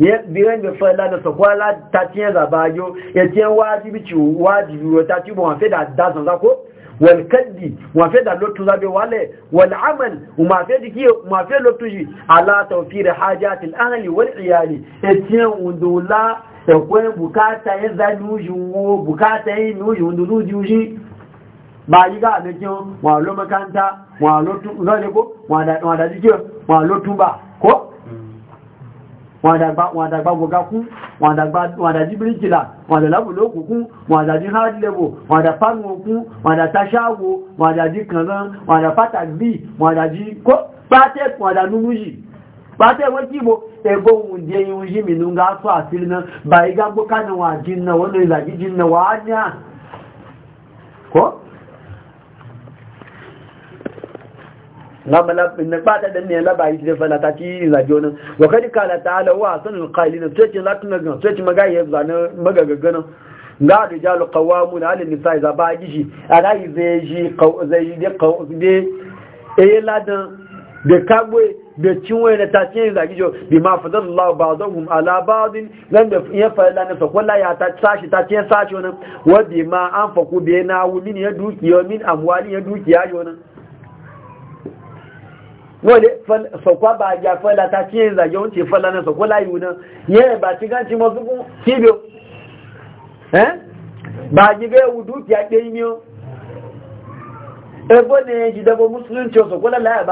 S1: biyan da falla da sakwala ta tiyan zabayo ya tiyan wajibi ci wajibi ta ci ba da dazan za ko da lotu zabe wal amal ma fe diki iyali etiyan undula da e kwen bukata ya zanu yi ba yi ga ne kin wa lo makanta wa zale ko wa da wa da wa ba ko wọn àdàgbà gbogá kún wọn àdàjí bíríkìlà wọn àdàlábù lókù kún wọn àdàjí hardlevel wọn àdàfánu okún wọn àdàtaṣáwò wọn àdàjí kó pátẹ́kù wọn àdànúmú yìí pàtẹ́ wọ́n tí mo ẹgbọ́ ga na fata da ne na kawamu na halin nisa za ba gishi a rayu zai shi zai kawai ladan da kagwe da cinwe na ta cinye zagi bi ma fadar Allah ba zan hum ala zan da ya fara na fa ya ta tashi ta sashi wannan wa bi ma an faku bi na wuni ya dukiya min amwali ya dukiya wọ́n sọ̀kwá bá àjà fẹ́lá ta kí èzà yọ ń tè fẹ́lá náà sọ̀kwá láyé wọn yẹ́ ẹ̀bà tí ká ti mọ́ fún kíbi o bá jígẹ́ ewu dúkìá pé ní ẹgbọ́n ni jìdẹ́gbò muslim tí ó sọ̀kwá láyé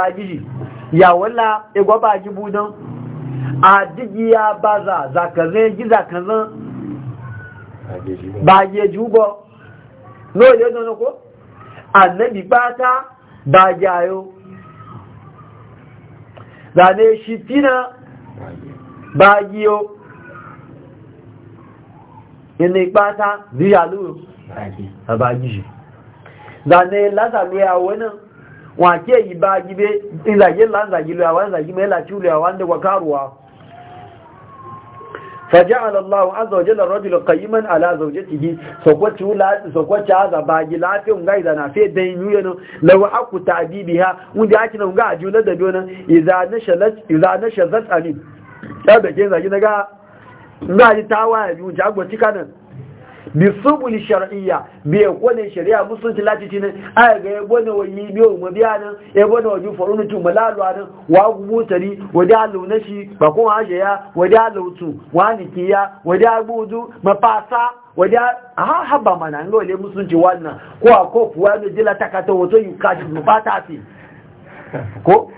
S1: bá zane shi tina bagiyo ina ipata ziyalu a bagi shi zane lásàlú ẹ̀wọ́ náà wọ́n àti èyí bá gíbé ìzàgí láńzàgí lọ àwọn ìzàgí mẹ́lá tí ó lè àwọn àndẹ́gbà káàrùwà فجعل الله عز وجل الرجل قيما على زوجته سوكوتو لا سوكوتشا هذا باجي لا غاي دا نافي دين ينو لو اكو تعذيبها ودي اكن غا اجوله دا دونا اذا نشلت اذا نشزت علي هذا زاجي نغا غاي تاوا يجو جاغوتي كانن bi subul shar'iyya bi yakone shari'a musulunci lati tin ay ga yabone wayi bi o mo biya nan yabone waji farunu tu malalu an wa gubutari wadi alu nashi ba kun haje ya wadi lutu tu wani kiya wadi abudu mafasa wadi ha haba mana ngole musulunci wannan ko akofu wani jila takata wato yukaji mafata fi ko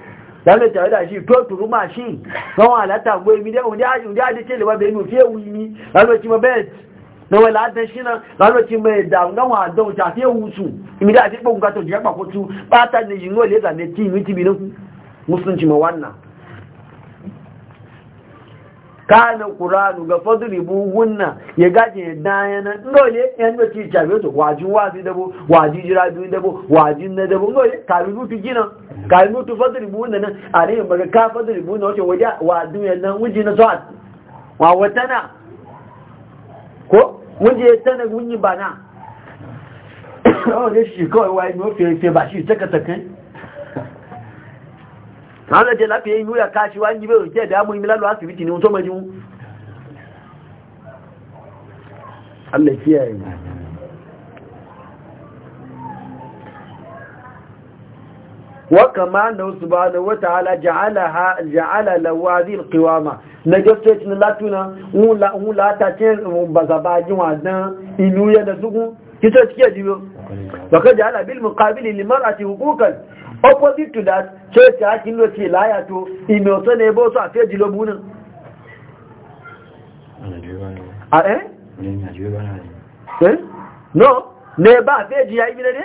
S1: lálẹ́ da shi to turu machine máa ṣí wọ́n wà látàgbó emi dẹ́ òun da de tele wa be mi ò fẹ́ ewu mi alo ti mo bẹ́ẹ̀ na wai ladan shi nan laloci mai dangan wa don shafi ya wusu imida a cikin gato jiya kwakwatu bata da yi nole zane ti miti bi nan musulunci ma wannan kanan kuranu ga fadri wunna ya gaje dayana nole yan da ci shafi to wajin wazi dabo wajin jira biyu dabo wajin na dabo nole kari mutu gina kari mutu fadri buhunna nan a ne maga ka fadri buhunna wace wajen wa nan wuji na zuwa wa watana ko wuje tana gunyi bana kawai ne shi kawai wa inu fiye fiye ba shi taka takai na da jela lafiya inu ya kashi wa yi bai ke da mu imila lo asibiti ne mutum majin Allah kiyaye mu waka ma na wasu ba da wata ala ja'ala lawa zil kiwama na gaske cin latuna hulata ce ba zaba jiwa don inu ya da suku kisa cike jibi baka ja'ala bil mukabili limar a cikin kukan opposite to that ce ce ce laya to wasu ne ba wasu a fiye jilo ne ba a fiye jiya ibi ne ne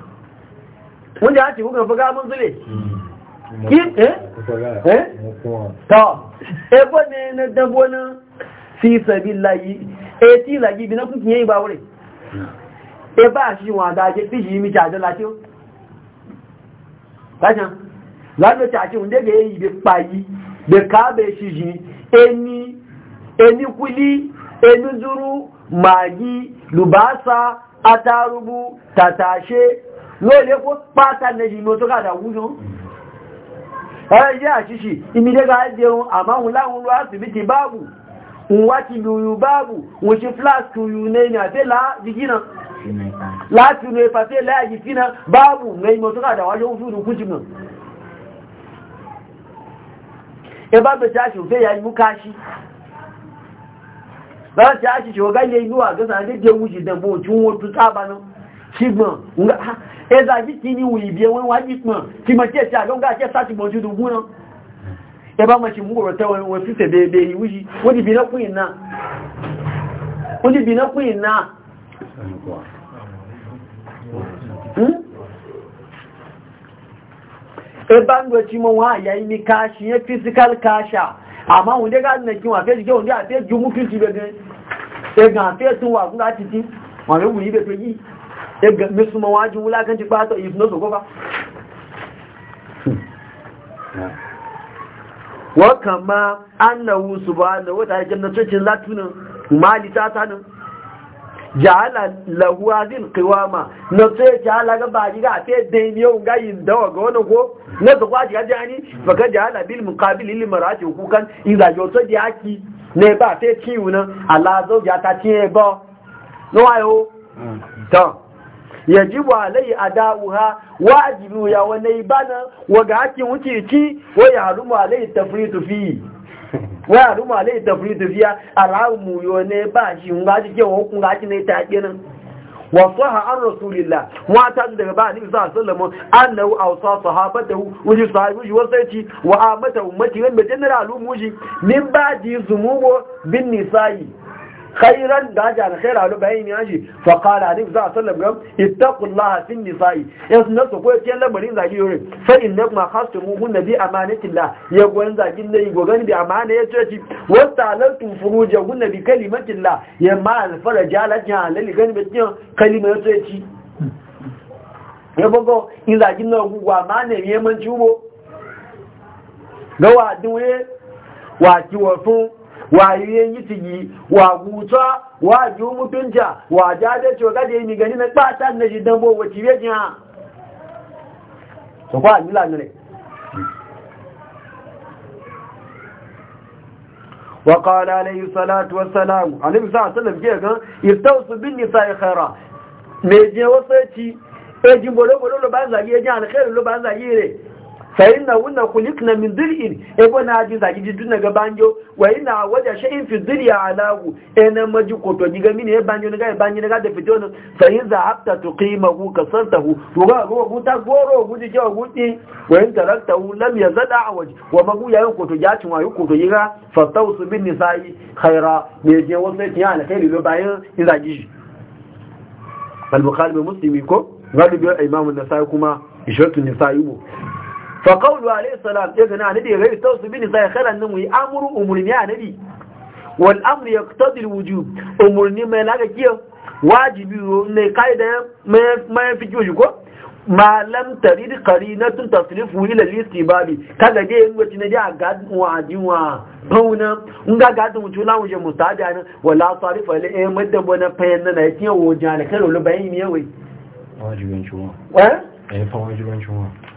S1: mun da ci kuka fuga mun zule hmm. kin eh? eh eh to e bone na dabona fi sabillahi e ti lagi bi na kun yin ba wuri? e ba shi wa da je fi yi mi ja da lati o lajan lado ti ati unde be yi be payi be ka be shi yi eni eni kuli eni zuru magi lubasa atarubu tatashe lóòlé kó pátá nẹ́jì ló tó kàdà wújọ́ ẹ̀yẹ́ àṣíṣì ìmìdẹ́gà jẹun àmáhùn láhùn lọ àṣìbìtì báàbù wọ́n ti báàbù wọ́n ti flask báàbù mẹ́yìnmọ̀ tó kàdà láti àṣìṣẹ́ ọgá ilé inú àgọ́sàn àdéjẹ́ wújì dẹ̀bọ̀ tí wọ́n tún tábà ṣígbọ̀n ẹzà jí kí ní ìwòyìn bí ẹwọ́n wájí pọ̀n tí mọ̀ tí ẹ̀ hmm? tí àgọ́gá àti ẹ̀sáti mọ̀ jùdù gúnná ẹbá mọ̀ sí múrò tẹ́wọ̀n wọn sí tẹ̀bẹ̀ẹ̀bẹ̀ ìwúyí wọ́n ti bìnà kún ìná ẹbá ń gbẹ̀ tí mọ̀ wọ́n àyà imi káṣì yẹn physical káṣà àmá òun dẹ́gá nẹ̀kí wọn àfẹ́ jùgẹ́ òun dẹ́ àfẹ́ jùmú kí ti gbẹ̀gbẹ̀ ẹgàn àfẹ́ tún wà fún láti tí wọ́n rẹ̀ wùyí bẹ̀ tó yi. yadda musulma wajin wulakanci ba ta ifin su gofa waka ma annahu subhanahu wa ta'ala jannatocin latunan mali ta tanin jahala lahu hadhihi alqiwama na sai jahala ga ba diga da ne ba ya ta yajibu alai adauha wajibu ya wani bana waga hakin wuce ci waya harumu alai tafritu fi waya harumu alai tafritu fiya alamu yo ne ba shi ngaji ke hukun ngaji ne ta kenan وصح عن rasulillah, الله واتن daga ba annabi sa alaihi wasallam annahu awsa sahabatahu wuji sahibi wasaiti wa amata ummati wal general umuji min ba'di zumubo bin nisa'i khairan da haja da khaira lu bayin ya ji fa qala ali za sallam gam ittaqullaha fi nisa'i yas na so ko ke labarin zagi yore fa inna ma khastumu hun bi amanatillah ya gwan zagin ne go gani amana ya ce wasta alantu furuja hun bi kalimatillah ya ma al faraja la jalal gani bi kalima ya ce ya bogo in zagin na gugu amana ne man ciwo ga wa duwe wa ciwo fun wayoyin yi wa guta wa ji mutunta wa jaje ce ga da yi gani na ɓata na jidan dambo wa cibe jiya so kwa mila ne wa qala alayhi salatu wassalam annabi sallallahu alaihi wasallam ke ga istausu bin nisa'i khaira me je wasaci e jimbolo bolo lo ba zagi e jan khairu lo ban zagi re fa'in na wunan kulikna min dir'in ebo na ji zagi ji na ga banjo wa ina wajen sha'in fi dirya alagu ena maji koto ji gami ne banjo na gaya e banjo na gada fito na fa'in za a tu kima ku kasar ta hu to ga ruwa guta goro guji kyau guji wa in tarakta hu lam ya zada a waje wa magu ya yin koto ya cinwa yi koto yi ga fastau su bin nisa'i khaira me je wasu ya alkhairi lo bayan in zagi shi al-bukhari bai muslimi ko galibi imamun nasa'i kuma ishartu nisa'i mu fa qawlu alayhi salam ya gana ne da gai tausu bin sai khalan nan yi amru umurni ya nabi wal amr yaqtadi al wujub umurni mai laga kiyo wajibi ne kaida mai mai fi kiyo ko ma lam tarid qarinatun tasrifu ila al-istibabi kaga dai in wacce naji a gadin wa adiwa bauna in ga gadin wuce lawo je mustaja nan wala sarifa ila eh madda na fayan nan yake wo jale karo lu bayani ne wai
S2: wajibin chuwa eh eh fa wajibin chuwa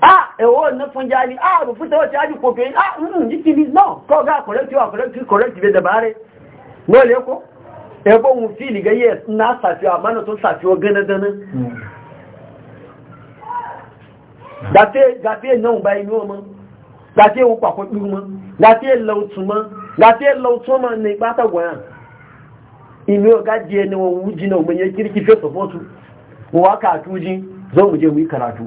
S1: ah ewo na funja ni ah bu futa wace aji ko pe ah mm, mm jiki ni no ko ga correct wa correct correct be da bare no le ko e bo mu fili ga yes na safi amana to safi o gana dana hmm. gate gate na un bai no mo gate u pa ko du mo gate lo tu mo gate lo tu mo ni ta gwan imi o ga je ni won wuji na o menye kiriki fe support wa ka tuji zo mu je mu karatu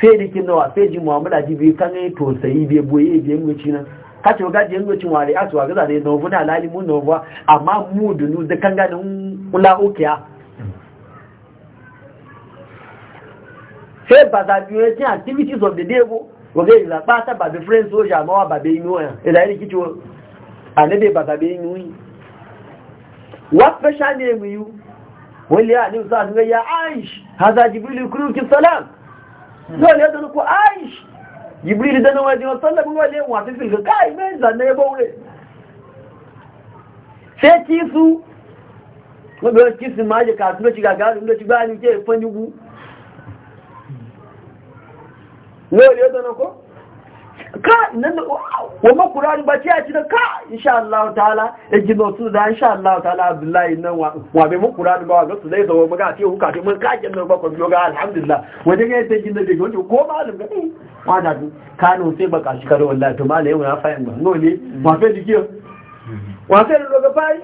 S1: sai da nawa sai ji mu'amala ji bi kan yi tosayi bi boye bi yin wuci nan ka ce ga jin wucin ware a tuwa gaza ne novu na lali mun novu amma mu dunu da kan ganin ula ukiya sai ba za biyo ya cin activities of the day ko waga yi zaɓa ta ba bi friend soja ma wa ba bai yi nuwa ila yi rikici a na bai ba za bai yi wa special name mu yi wani ya ne sa ya aish haza jibrilu kuru ki salam dole ya aish jibril da nawa jiwa sallallahu alaihi wa sallam ga kai mai zanne baure sai kisu wanda ya kisu ma ya kasu da shiga da shiga ni ke fanjugu dole ya ka nan wa makura ba ce a cikin ka insha Allah ta'ala ya gina su da insha Allah ta'ala Abdullahi nan wa bai makura ba wa su zai zama maka ce huka ce mun kakin nan ba kwamfiyo ga alhamdulillah wajen ya ta gina da gwanci ko malum ga ma da su kano sai baka shi karo wallahi to malai yau na fayin ba no ne ma fe jiki wa fe da ga fayi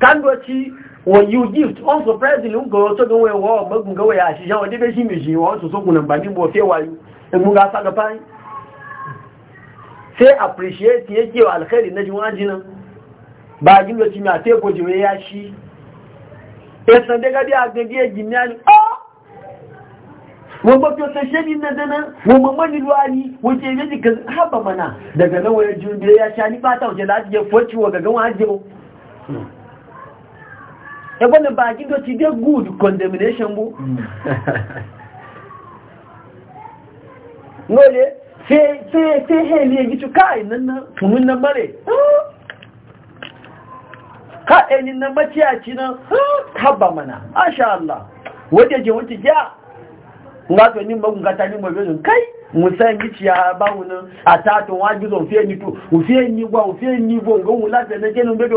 S1: kan doci when you gift unsurprisingly n kọ̀rọ̀ tó gánwẹ̀ wọ́ ọ̀gbọ́gbùn gánwẹ̀ àṣìṣẹ́ wọn débé sí méjì wọ́n tó sókùn nàmbà ní bọ̀ fẹ́ wáyú ẹgbùn ga sagapa yìí sai appreciate yake wa alkhairi na jiwaji nan ba gin lokaci mai ate ya a gadi e gimyani ah wo ba to sai shebi na dana wo ni haba mana daga nan waye ya shani ba ta wuce lafiya foci ẹgbọ́n ni bàájí tó ti dé good condemnation na e na maciyaci na mana asha Allah wadda je wata gya nga to kai musan gici ya bawo nan a wajizo ni ni gwa ni bo bebe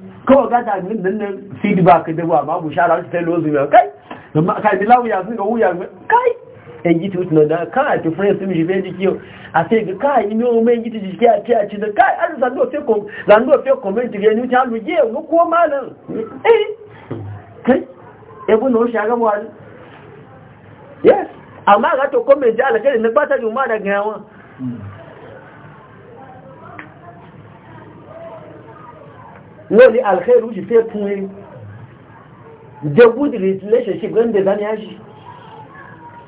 S1: kawai gada min nan nan feedback da ba ma bushara ta lo zuwa kai amma kai milawu ya sun ga wuya kai en giti wuce na kai ti friends sun ji beji kiyo a sai ga kai ni o mai giti jiki a ce a ci da kai an zando fe ko zando fe comment ga ni ta lu mu ko malan eh kai e bu no shaga mu wani yes amma ga to comment ala kai ne ba ta juma da gawa lórí alkhairu jù fẹ́ fún rí the good relationship ran da zani yashi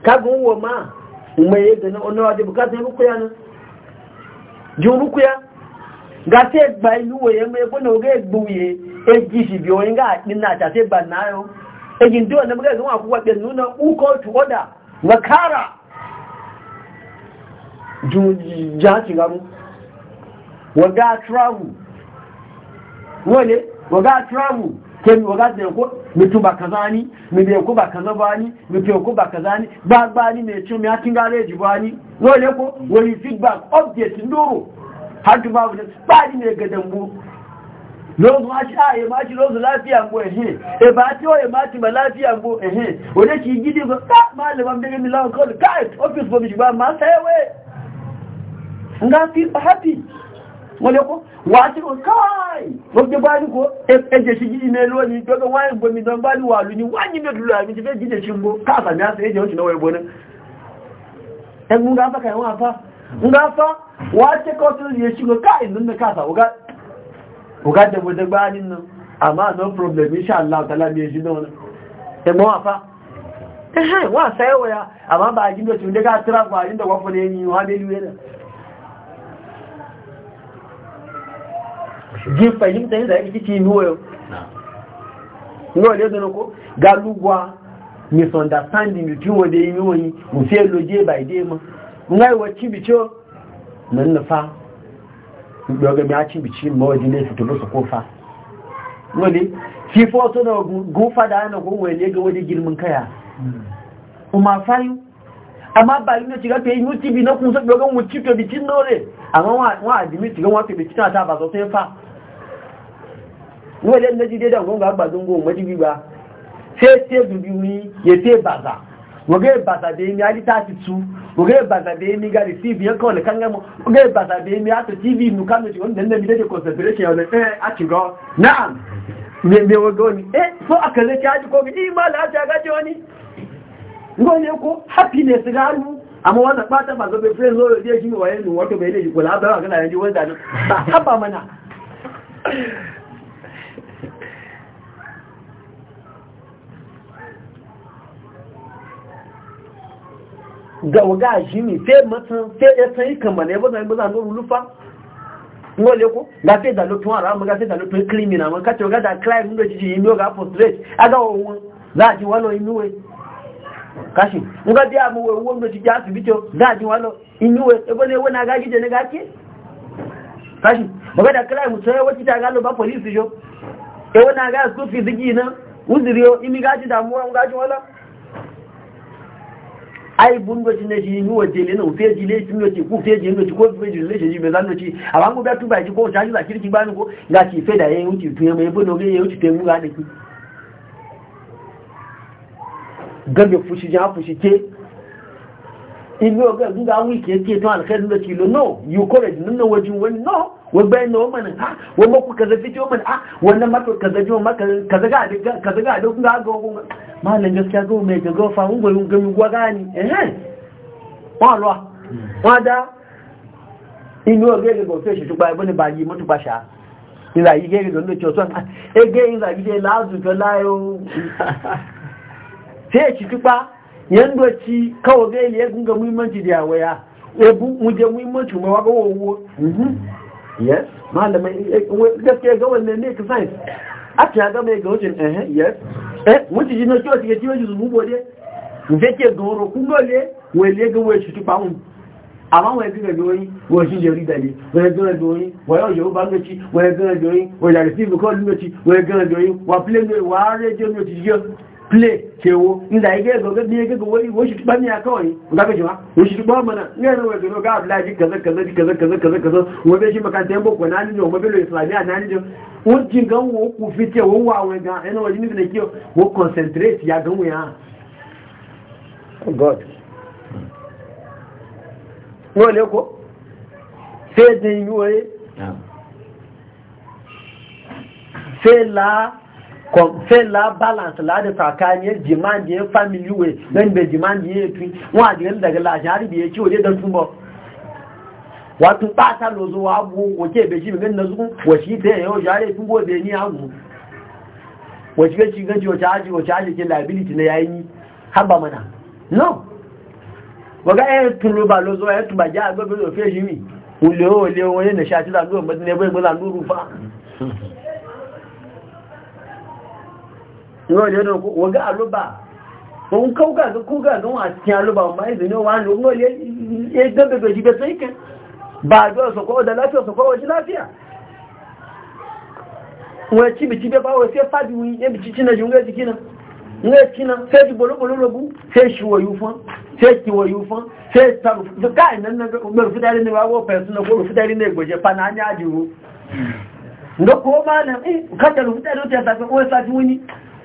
S1: kagun wa ma mai yadda na onawa da bukatun rukuya nan jin rukuya ga sai gba ilu waye mai gbọ́nà oge náà yọ èyí ndí ọ̀nà mẹ́gbẹ̀rẹ̀ travel wale waga travel ke mi waga da ko mitu ba kaza ni mi da ko ba kaza ba ni mi to ko ba kaza ni ba ba ni me chu mi ba ni ko wani feedback update ndoro har e e ba ba ba ni ne ga dambu gidi mi wọ́n lé kó wà á ti kò káàì ló gbé báyìí kó ẹjẹ̀ sí gidi ní ẹlú ẹni gbogbo wáyé gbomi dán bá ní wàlú ní wáyé ní òdúrà àmì ti fẹ́ jíjẹ̀ sí gbó káàkà ní àṣẹ ẹjẹ̀ òṣìṣẹ́ wọ́n ẹgbọ́n ẹgbùn ń gáfà kàíwọ́n afá ń gáfà wà á tẹ́kọ́ tó yẹ sí gbó káàì nínú káàkà no problem inṣàlá ọ̀tàlá bí èjì náà ẹgbọ́n afá ẹ̀hẹ́ wọ́n àṣẹ́wọ̀ ya àmà bá àjíǹdọ̀ tí ó dẹ́gá tíráfà àjíǹdọ̀ wọ́pọ̀ lẹ́yìn wọ́n á lé ji fahimta yin zai kici nuwayo nuwa le dono ko galugwa misunderstanding between wode yi nuwayi yi loje ba day ma ngai wa cibicho nan na fa gbogbo mi a cibici ma waje ne fito musu kofa wani fifo to na gufa da ana gunwa ne ga waje girman kaya hmm. kuma fayu amma ba yi ne ti gafe yi ti bi na kun sa gbogbo mu ci to bi ci nore amma wa adimi ti gan wa ti bi ci ta ba so sai fa wajen na jide da gunga agbazin gun majibi ba sai ce dubi wuri ya ce baza waga baza da yami ali ta ci su waga baza da yami ga receive ya kawai kan gama waga baza da ato tv nu kan wanda nan bidai concentration yana eh a ci go na'am me me waga wani eh so aka aji ko ta wani ga waga shi ne fe matan fe ya san yi kamar ne bazan bazan no rulufa ngo leko ga fe da lotun ara mu ga fe da lotun criminal mu ka ce ga da crime ndo jiji yi ga frustrate aga won za ji walo inuwe kashi nga dia mu we won ndo jiji asibiti za ji walo inuwe ebo ne wona ga jide ne ga ke kashi mu ga da crime sai wati ta ga lo ba police jo e wona ga school fees gi na uziriyo imi ga ji mu, ga ji wala ai bun do ti neji ni wo dele no fe ji le ti no ti ku fe ji no ti ko fe ji le ji me zan no ti awan go be tu ko sa ju la kiri ti ba ko ga ti fe da ye o ti tun me bo ge ye o ti te mu ga de ki gabe fushi ja fushi ke inu ga ga wi ke ke to al khair no ti lo no you correct no no no wabbayin na wamanin ha wamma ku kaza fi jomin ha wannan mato kaza joma kaza ga adiga kaza ga adiga ga ga ga malan gaskiya ga mai ga ga fa mun goyin gami gwa gani eh walwa wada inu oge le go feshi tu bai bone bayi mutu sha? ila yi ge do ndo choson ah, ege ila gi de lazu to layo sai ci tupa yando ci kawo ga ile gunga muhimmanci da waya ebu muje muhimmanci mai wago wo mhm yes malamai eh, eh, gaskiya ga wannan ne ka science a ta ga mai ga wajen eh yes eh wuce jino kiwa tike tiwa ji zubu bode nje ke goro kungole wele ga we shutu pa un ama we wani ga yoyi wo shi je dali we ga ga yoyi wo yo yo ba ga we ga fi ko lu ci we ga ga yoyi wa play no wa play kewo inda yake zo ga biye ga wani washi tuba kawai ga ga jima washi tuba mana ne ne wai ga ablaji kaza kaza kaza kaza kaza kaza wa shi makanta yambo ko nani jo mabelo islamiya nani jo wajin ga wo ku fite wo wa wa ga ina wajin ne ne kiyo wo concentrate ya ga mu oh god wo le ko sai din yi wai sai la sai la balance la da tsakaniyar jiman da ya family way don da jiman da ya fi wọn adiyar daga lashari da ya ci waje don tuba wato ɓata lozo wa abu wace bai shi gan na zukun wace ta yau share tun gobe ni abu wace ga shiga ji wace aji wace aji ke liability na yayi haba mana no waga ya e tulu ba lozo ya e tuba ja agbebe ofe shi mi ule o le o wani na shati da nuru mazinai bai e gbala nuru fa ngole no waga aluba on kauga ga kuga don a cikin aluba ba lafiya bi sai sai shi sai sai ta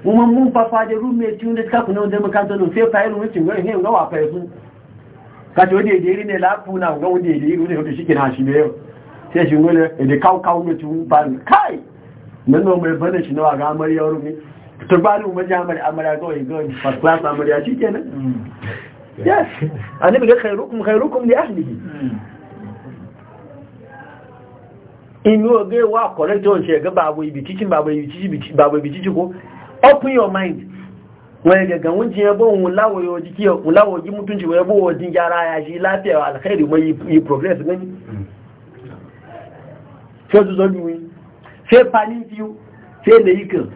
S1: kuma mun fafa da roommate yun da suka kuna wanda makanta nan sai fa wucin gari hin ga wa fa yasu ka ce wanda ne la ga ne wato shi kina shi ne yau sai shi ngole da kau kau tun ban kai nan no mai bane shi nawa ga amarya rufi to ba ni amarya amarya ga ga first class amarya shi kenan yes annabi ga khairukum khairukum li ahlihi inu wa ga babu ibi babu ibi ko open your mind wani daga wunci ya bon wulawoji mutunci wani bon wajen gyara ya shi lafiya alkhairi mai yi progress gani sai su zonu wi sai palitiyu sai laikin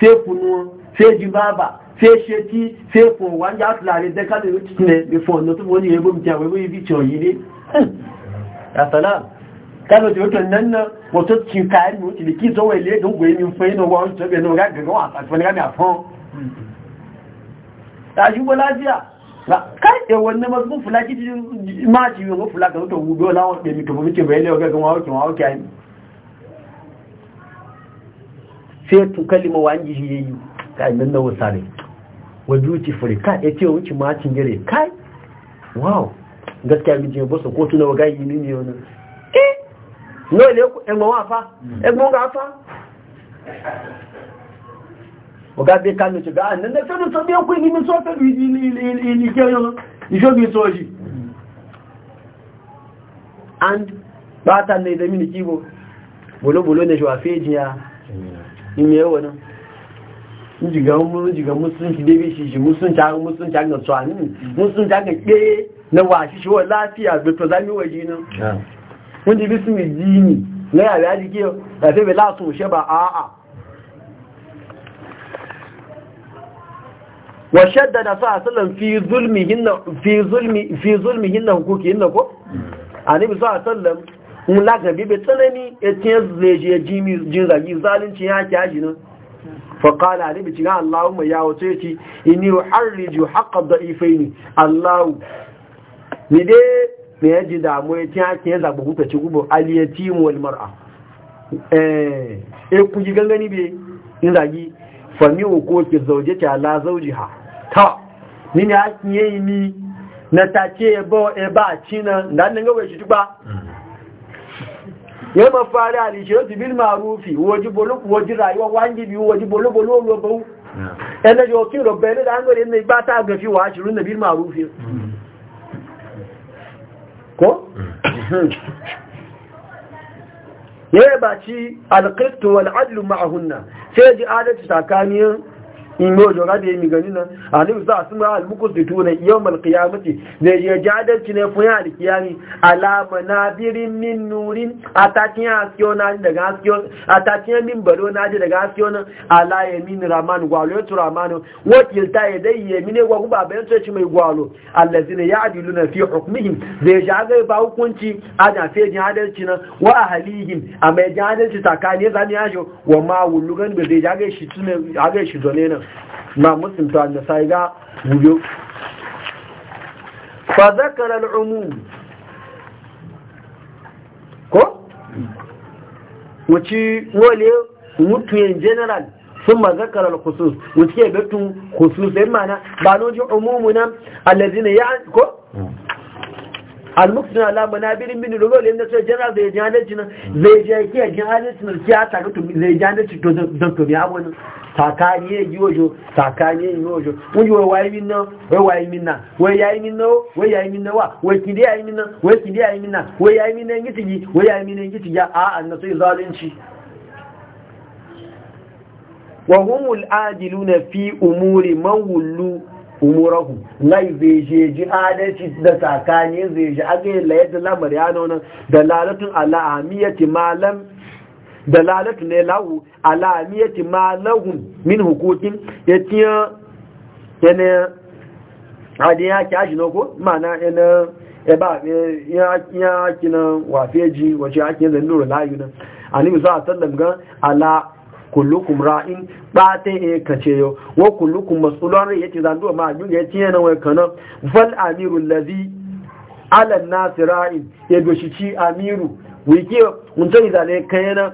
S1: sai kunuwa sai jibaba sai sheti sai fowon ya tulare da kalin rikici ne before notu wani ya bu mutiya wani yi bicewa yi ne hmm. ya salam kano ti wato nan na wato ci kayan mu ti ki zo wai le don goyi min fayin wa wato be no ga ga wa fa fa ga mi afon ta ju bola dia la kai e wannan ma su fulaki ti ma ci yo fula ga to wudo la won be mi to mi ke bai le ga ga wa to wa ke ai sai tu kalima wa wanji shi yayi kai nan na wasare wa duty free kai e ce wuci ma cin gare kai wow gaskiya mi je bosa ko tuna wa ga yi ni ne wannan náà ilé ẹgbọ̀n wọn afá ẹgbọ̀n wọn afá ọ̀gá bí kánú ṣùgbá ànẹ́nẹ́ fẹ́rún tó bí ó pín nínú sọ́fẹ́rù ìṣògbì sọ́ọ̀ṣì and báta ní ìdẹ̀mí ní kíbo bolóboló ní ṣe wà fẹ́ ìjìyà ìmẹ̀ ẹwọ̀ náà jiga musulunci dai sun shi musulunci haka musulunci haka tsohani musulunci haka ɗaya na wa shi shi wa lafiya bai to zami waje nan wọ́n ti bí sí ìdíyìní lẹ́yàrí ajíkí ẹ̀fẹ́fẹ́ látún ṣẹ́bà àà wọ́n ṣẹ́dà na sáà sọ́lọ̀n fi zulmi hinna hukuki hinna ko? a níbi sáà sọ́lọ̀n ń lágàbí bẹ tsanani etiyar zai jin zagi zalunci ya kí aji nan فقال علي بتنا اللهم يا وتيتي اني احرج حق الضعيفين الله ني دي me ya ji damu ya tiya ke ya zaɓi kuka ci gubo aliyati wal mar'a eh, eh ku ji gangani be in zagi fami ko ki zauje ta la zaujiha ta ni ne a kiye ni na ta ce ya ba e ba ci na dan nan gawe shi tuba ya mm-hmm. mafari alishirati bil ma'rufi waji bolu waji rayuwa wangi biyu waji bolu bolu lo bau ẹnẹjọ kí rọ̀bẹ̀ẹ́lẹ́dà ń gbẹ̀rẹ̀ ní igbá tàà gẹ̀fí wà á ṣìrún nàbí màrúfin ko ya ba ci alƙistu wal ma'ahunna sai ji adalci tsakanin in yau jora da ya mi gani nan a nufi za su ma almukus da tuna yau malkiyamati da ya jadalci ne fun yana alkiyami alama na birin min nurin a tatiyan haskiyo na ji daga haskiyo a tatiyan min baro na ji daga haskiyo nan ala ya min raman gwalo ya tura mano wakilta ya dai ya mine gwa kuma bayan tsoci mai gwalo allazina ya adilu na fi hukumihim da ya jagai ba hukunci a na fi jadalci nan wa a halihim a mai jadalci tsakanin zani ya shi wa ma wulugan da zai jagai shi tuna jagai shi zone nan ma muslim to annasa sai ga gudu fa zakara al-umum ko wuci wale mutuyen general sun ma zakara al-khusus wuci ya betun khusus sai mana ba noji umumuna allazina ya ko almuksin alamu na birin mini rogo da yadda sai jana zai ji hannun cinan zai ji ke ji hannun cinan ya tare to zai ji hannun cinan don to biya wani takani ya yi wajo takani ya yi wajo wani wai wayi min nan wai wayi min nan wai yayi min nan wai yayi min nan wa wai kidi yayi min nan wai kidi yayi min nan wai yayi min nan gitigi wai yayi min nan gitigi a annan sai zalunci wa humul adiluna fi umuri man wullu umurahu lai zai je ji adalci da tsakani zai ji aga yin layar da lamar ya nuna da lalatun ala'amiyyati malam da lalatu ne lahu ala'amiyyati malahun min hukukin ya tiya yana adin ya kya e, shi na ko mana yana ba ya kina wafeji wace ake zan nura layu nan a nemi sa sallam ga ala kullukum ra'in bate e kace yo wa kullukum mas'ulun yace zan duwa ma gun yace yana wai kana fal amiru ladhi ala an-nas ra'in ya doshi ci amiru wike mun tani zale kayana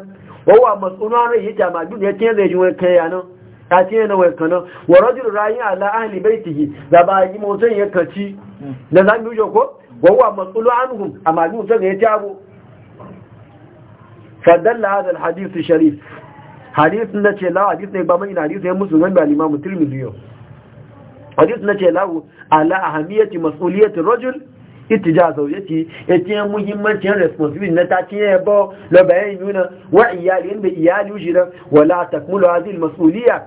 S1: wa wa mas'ulun yace ma gun yace yana yi wai kayana ta ce yana wai kana wa rajul ra'in ala ahli baitihi da ba yi mutun ya kaci da zan dujo ko wa wa mas'ulun anhum amma ta sai ya jabo فدل هذا الحديث الشريف hadisin na ce lawa hadisin ne ba mai hadisin ya musu wanda limamu tirmidhi yau hadisin na ce lawo ala ahamiyati mas'uliyati rajul ittija zawjati yace muhimmancin responsibility na ta cinye ba la bayan yuna wa iyali inda iyali ujira wala takmulu hadhihi almas'uliyya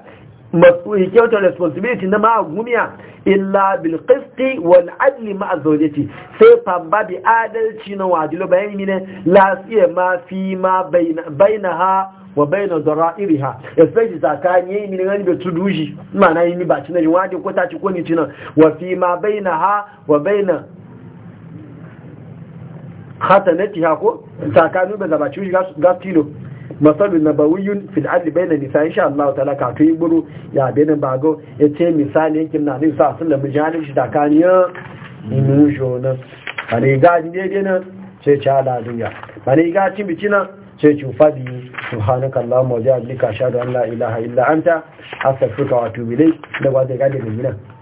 S1: mas'uliyya kyautar responsibility na ma'a gumiya illa bil qisti wal adli ma'a zawjati sai famba adalci na wajilo bayan yuna la siya ma fi ma bainaha wa bayna dara'iriha especially tsakani yayi min ngani da tuduji mana yi ni ba ci na yi waje ko ta ci ko ni ci na wa fi ma bayna ha wa bayna khatanatiha ko tsakani ba zaba ci ga ga tilo masalun nabawiyun fil adli bayna nisa insha Allah ta'ala ka tuyi buru ya bayna bago yace misali yankin na nisa sallallahu sun wasallam jalin shi tsakani ya inu jona bare ga ni daidai nan sai ci ala duniya bare ga cin bicina sai ci fadi subhanaka allahumma wa bihamdika ashhadu an la ilaha illa anta astaghfiruka wa atubu ilayk da wa zai gade da minan